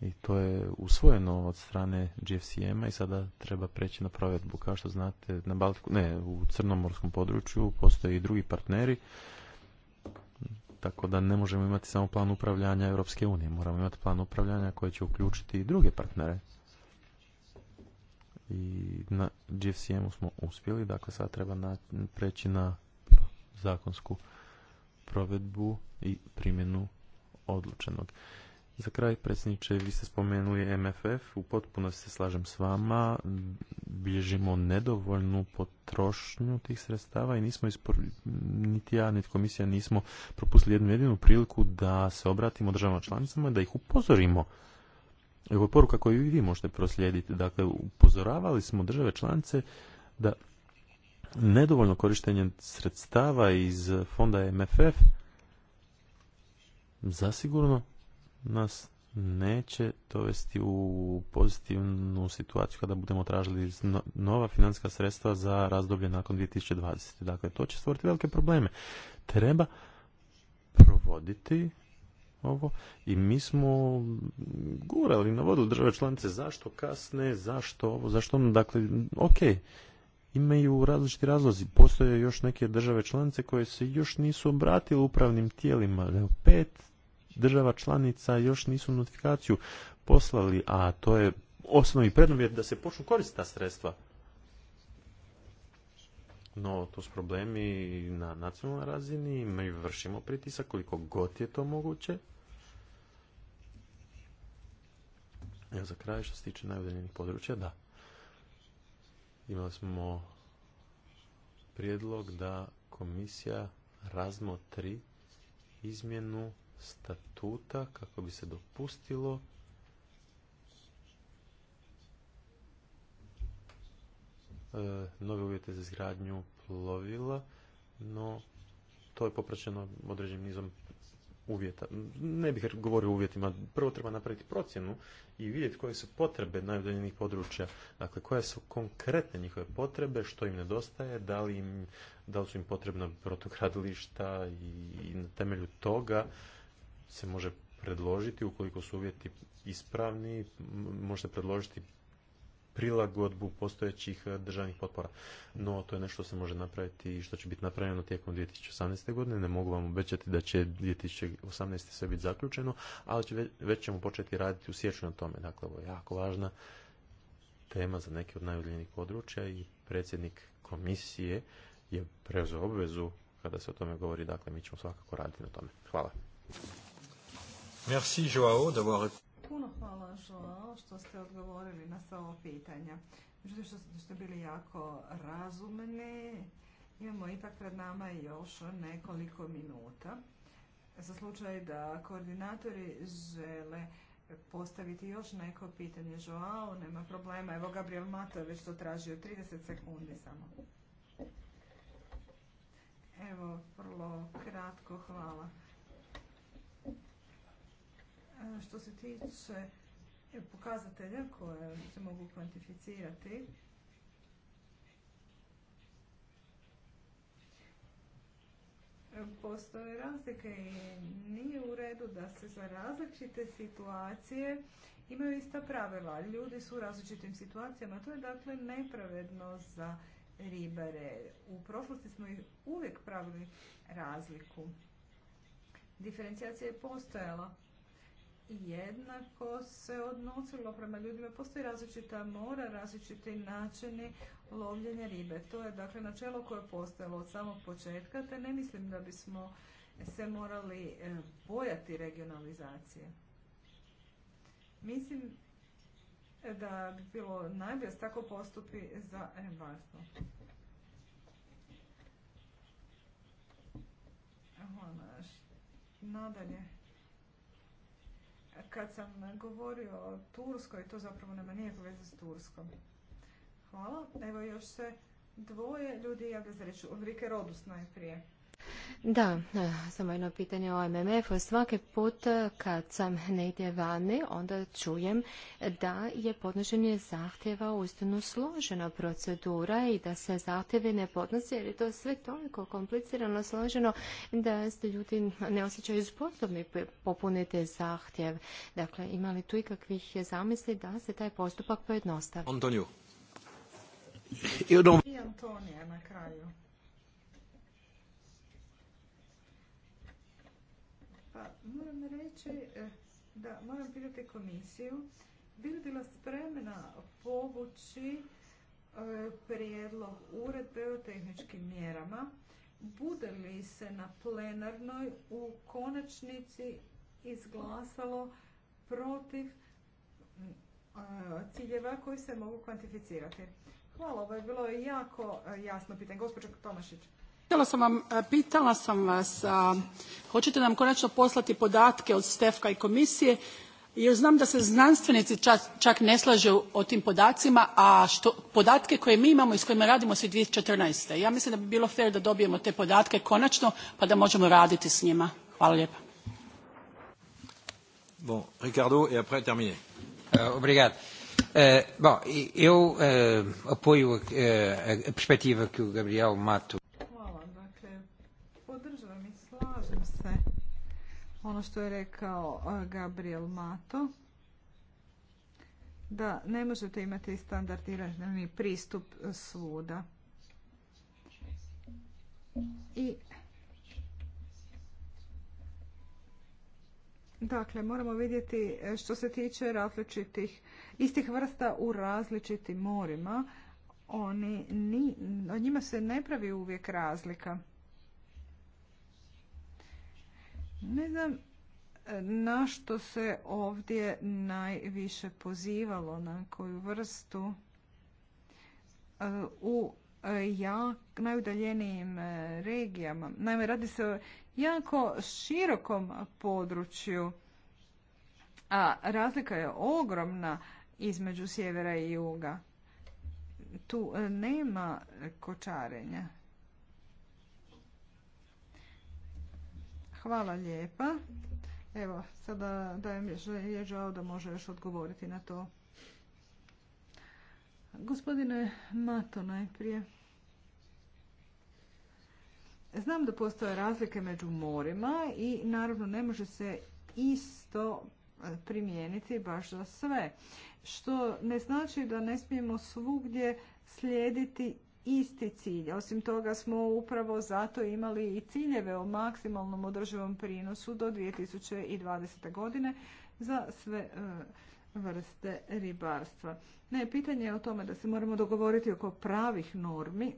i to je usvojeno od strane GFCM-a i sada treba preći na provedbu. Kao što znate, na Baltiku, ne, u crnomorskom području postoje i drugi partneri, tako da ne možemo imati samo plan upravljanja Europske unije. Moramo imati plan upravljanja koji će uključiti i druge partnere i na GFCM-u smo uspjeli, dakle sad treba na, preći na zakonsku provedbu i primjenu odlučenog. Za kraj, predsjedniče, vi ste spomenuli MFF, u potpunosti se slažem s vama, bilježimo nedovoljnu potrošnju tih sredstava i nismo, ispor... niti ja, niti komisija nismo propustili jednu jedinu priliku da se obratimo državama članicama i da ih upozorimo evo poruka koju vi možete proslijediti. Dakle, upozoravali smo države članice da nedovoljno korištenje sredstava iz fonda MFF zasigurno nas neće dovesti u pozitivnu situaciju kada budemo tražili nova financijska sredstva za razdoblje nakon 2020. Dakle, to će stvoriti velike probleme. Treba provoditi ovo i mi smo gurali na vodu države članice zašto kasne, zašto ovo, zašto ono, dakle, ok, imaju različiti razlozi. Postoje još neke države članice koje se još nisu obratile upravnim tijelima. pet država članica još nisu notifikaciju poslali, a to je osnovni preduvjet da se počnu koristiti ta sredstva. No, to su problemi na nacionalnoj razini, mi vršimo pritisak koliko god je to moguće. Ja za kraj što se tiče najudeljenih područja, da. Imali smo prijedlog da komisija razmotri izmjenu statuta kako bi se dopustilo E, nove uvjete za izgradnju plovila, no to je popraćeno određenim nizom uvjeta. Ne bih govorio o uvjetima. Prvo treba napraviti procjenu i vidjeti koje su potrebe najudaljenih područja. Dakle, koje su konkretne njihove potrebe, što im nedostaje, da li, im, da li su im potrebna protokradilišta i, na temelju toga se može predložiti, ukoliko su uvjeti ispravni, može predložiti prilagodbu postojećih e, državnih potpora. No, to je nešto što se može napraviti i što će biti napravljeno tijekom 2018. godine. Ne mogu vam obećati da će 2018. sve biti zaključeno, ali već ćemo početi raditi u siječnju na tome. Dakle, ovo je jako važna tema za neke od najudljenijih područja i predsjednik komisije je preuzeo obvezu kada se o tome govori. Dakle, mi ćemo svakako raditi na tome. Hvala. Merci Joao d'avoir hvala Joao što ste odgovorili na sva ova pitanja. Međutim, što ste bili jako razumni, imamo ipak pred nama još nekoliko minuta. Za slučaj da koordinatori žele postaviti još neko pitanje Joao, nema problema. Evo Gabriel Mato je već to tražio 30 sekundi samo. Evo, vrlo kratko, hvala. E, što se tiče pokazatelja koje se mogu kvantificirati. Postoje razlike i nije u redu da se za različite situacije imaju ista pravila. Ljudi su u različitim situacijama. To je dakle nepravedno za ribare. U prošlosti smo ih uvijek pravili razliku. Diferencijacija je postojala, jednako se odnosilo prema ljudima. Postoji različita mora, različiti načini lovljenja ribe. To je dakle načelo koje je postojalo od samog početka, te ne mislim da bismo se morali e, bojati regionalizacije. Mislim da bi bilo najbolje tako postupi za ribarstvo. Nadalje kad sam govorio o Turskoj, to zapravo nema nikakve veze s Turskom. Hvala. Evo još se dvoje ljudi javlja za reč. Ulrike Rodus najprije. Da, e, samo jedno pitanje o MMF-u. Svaki put kad sam negdje vani, onda čujem da je podnošenje zahtjeva uistinu složena procedura i da se zahtjevi ne podnose jer je to sve toliko komplicirano, složeno da se ljudi ne osjećaju sposobni popuniti zahtjev. Dakle, ima li tu ikakvih zamisli da se taj postupak pojednostavi? I Antonija na kraju. Pa moram reći eh, da moram pitati komisiju bi li bila spremna povući eh, prijedlog uredbe o tehničkim mjerama bude li se na plenarnoj u konačnici izglasalo protiv eh, ciljeva koji se mogu kvantificirati. Hvala, ovo je bilo jako jasno pitanje. Gospođo Tomašić. E, pitala sam, vas hoćete nam konačno poslati podatke od stefka i komisije jer znam da se znanstvenici čak, ne slažu o tim podacima a podatke koje mi imamo i s kojima radimo su iz. two thousand ja mislim da bi bilo fer da dobijemo te podatke konačno pa da možemo raditi s njima. hvala lijepa. Ricardo, eu apoio Gabriel ono što je rekao uh, Gabriel Mato, da ne možete imati standardirani pristup svuda. I Dakle, moramo vidjeti eh, što se tiče različitih, istih vrsta u različitim morima, oni, ni, njima se ne pravi uvijek razlika. Ne znam e, na što se ovdje najviše pozivalo, na koju vrstu e, u e, ja, najudaljenijim regijama. Naime, radi se o jako širokom području, a razlika je ogromna između sjevera i juga. Tu nema kočarenja. Hvala lijepa. Evo, sada dajem žao da može još odgovoriti na to. Gospodine Mato najprije. Znam da postoje razlike među morima i naravno ne može se isto e, primijeniti baš za sve. Što ne znači da ne smijemo svugdje slijediti isti cilj. Osim toga smo upravo zato imali i ciljeve o maksimalnom održivom prinosu do 2020. godine za sve e, vrste ribarstva. Ne, pitanje je o tome da se moramo dogovoriti oko pravih normi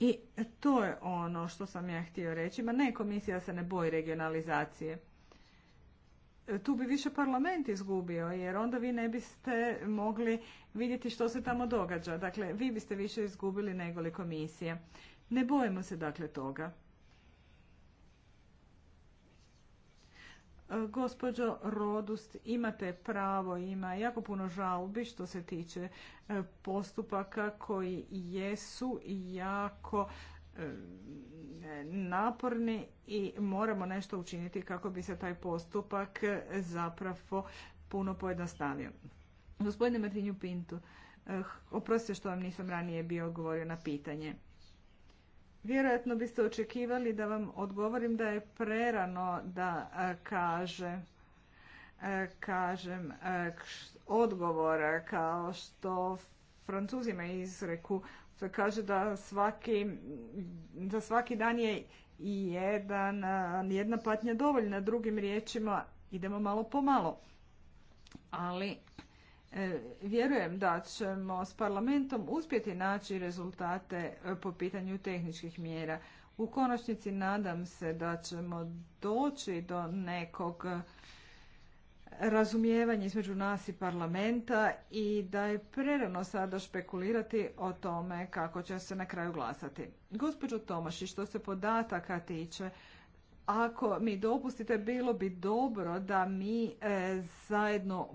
i to je ono što sam ja htio reći. Ma ne, komisija se ne boji regionalizacije tu bi više parlament izgubio, jer onda vi ne biste mogli vidjeti što se tamo događa. Dakle, vi biste više izgubili nego komisije. Ne bojimo se dakle toga. E, gospođo Rodust, imate pravo, ima jako puno žalbi što se tiče e, postupaka koji jesu jako naporni i moramo nešto učiniti kako bi se taj postupak zapravo puno pojednostavio. Gospodine Martinju Pintu, eh, oprostite što vam nisam ranije bio odgovorio na pitanje. Vjerojatno biste očekivali da vam odgovorim da je prerano da eh, kaže eh, kažem odgovora kao što Francuzima izreku se kaže da svaki, da svaki dan je i jedan, jedna patnja dovoljna. Drugim riječima idemo malo po malo. Ali e, vjerujem da ćemo s parlamentom uspjeti naći rezultate e, po pitanju tehničkih mjera. U konačnici nadam se da ćemo doći do nekog razumijevanje između nas i parlamenta i da je prerano sada špekulirati o tome kako će se na kraju glasati. Gospođo Tomaši, što se podataka tiče, ako mi dopustite, bilo bi dobro da mi e, zajedno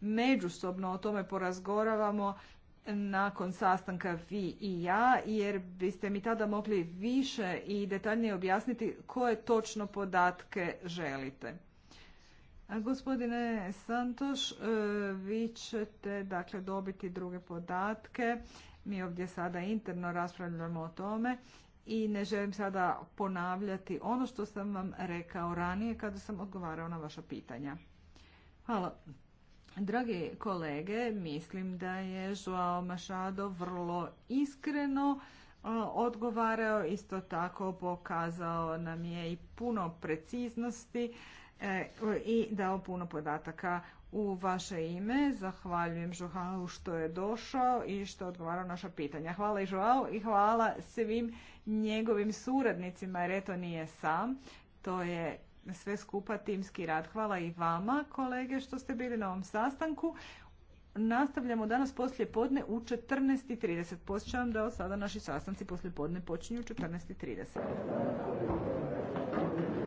međusobno o tome porazgoravamo nakon sastanka vi i ja, jer biste mi tada mogli više i detaljnije objasniti koje točno podatke želite. Gospodine Santoš, e, vi ćete dakle dobiti druge podatke. Mi ovdje sada interno raspravljamo o tome i ne želim sada ponavljati ono što sam vam rekao ranije kada sam odgovarao na vaša pitanja. Hvala. Dragi kolege, mislim da je Joao Mašado vrlo iskreno e, odgovarao, isto tako pokazao nam je i puno preciznosti E, i dao puno podataka u vaše ime. Zahvaljujem Joao što je došao i što je odgovarao naša pitanja. Hvala i Joao i hvala svim njegovim suradnicima jer eto nije sam. To je sve skupa timski rad. Hvala i vama kolege što ste bili na ovom sastanku. Nastavljamo danas poslije podne u 14.30. Posjećam da od sada naši sastanci poslije podne počinju u 14.30.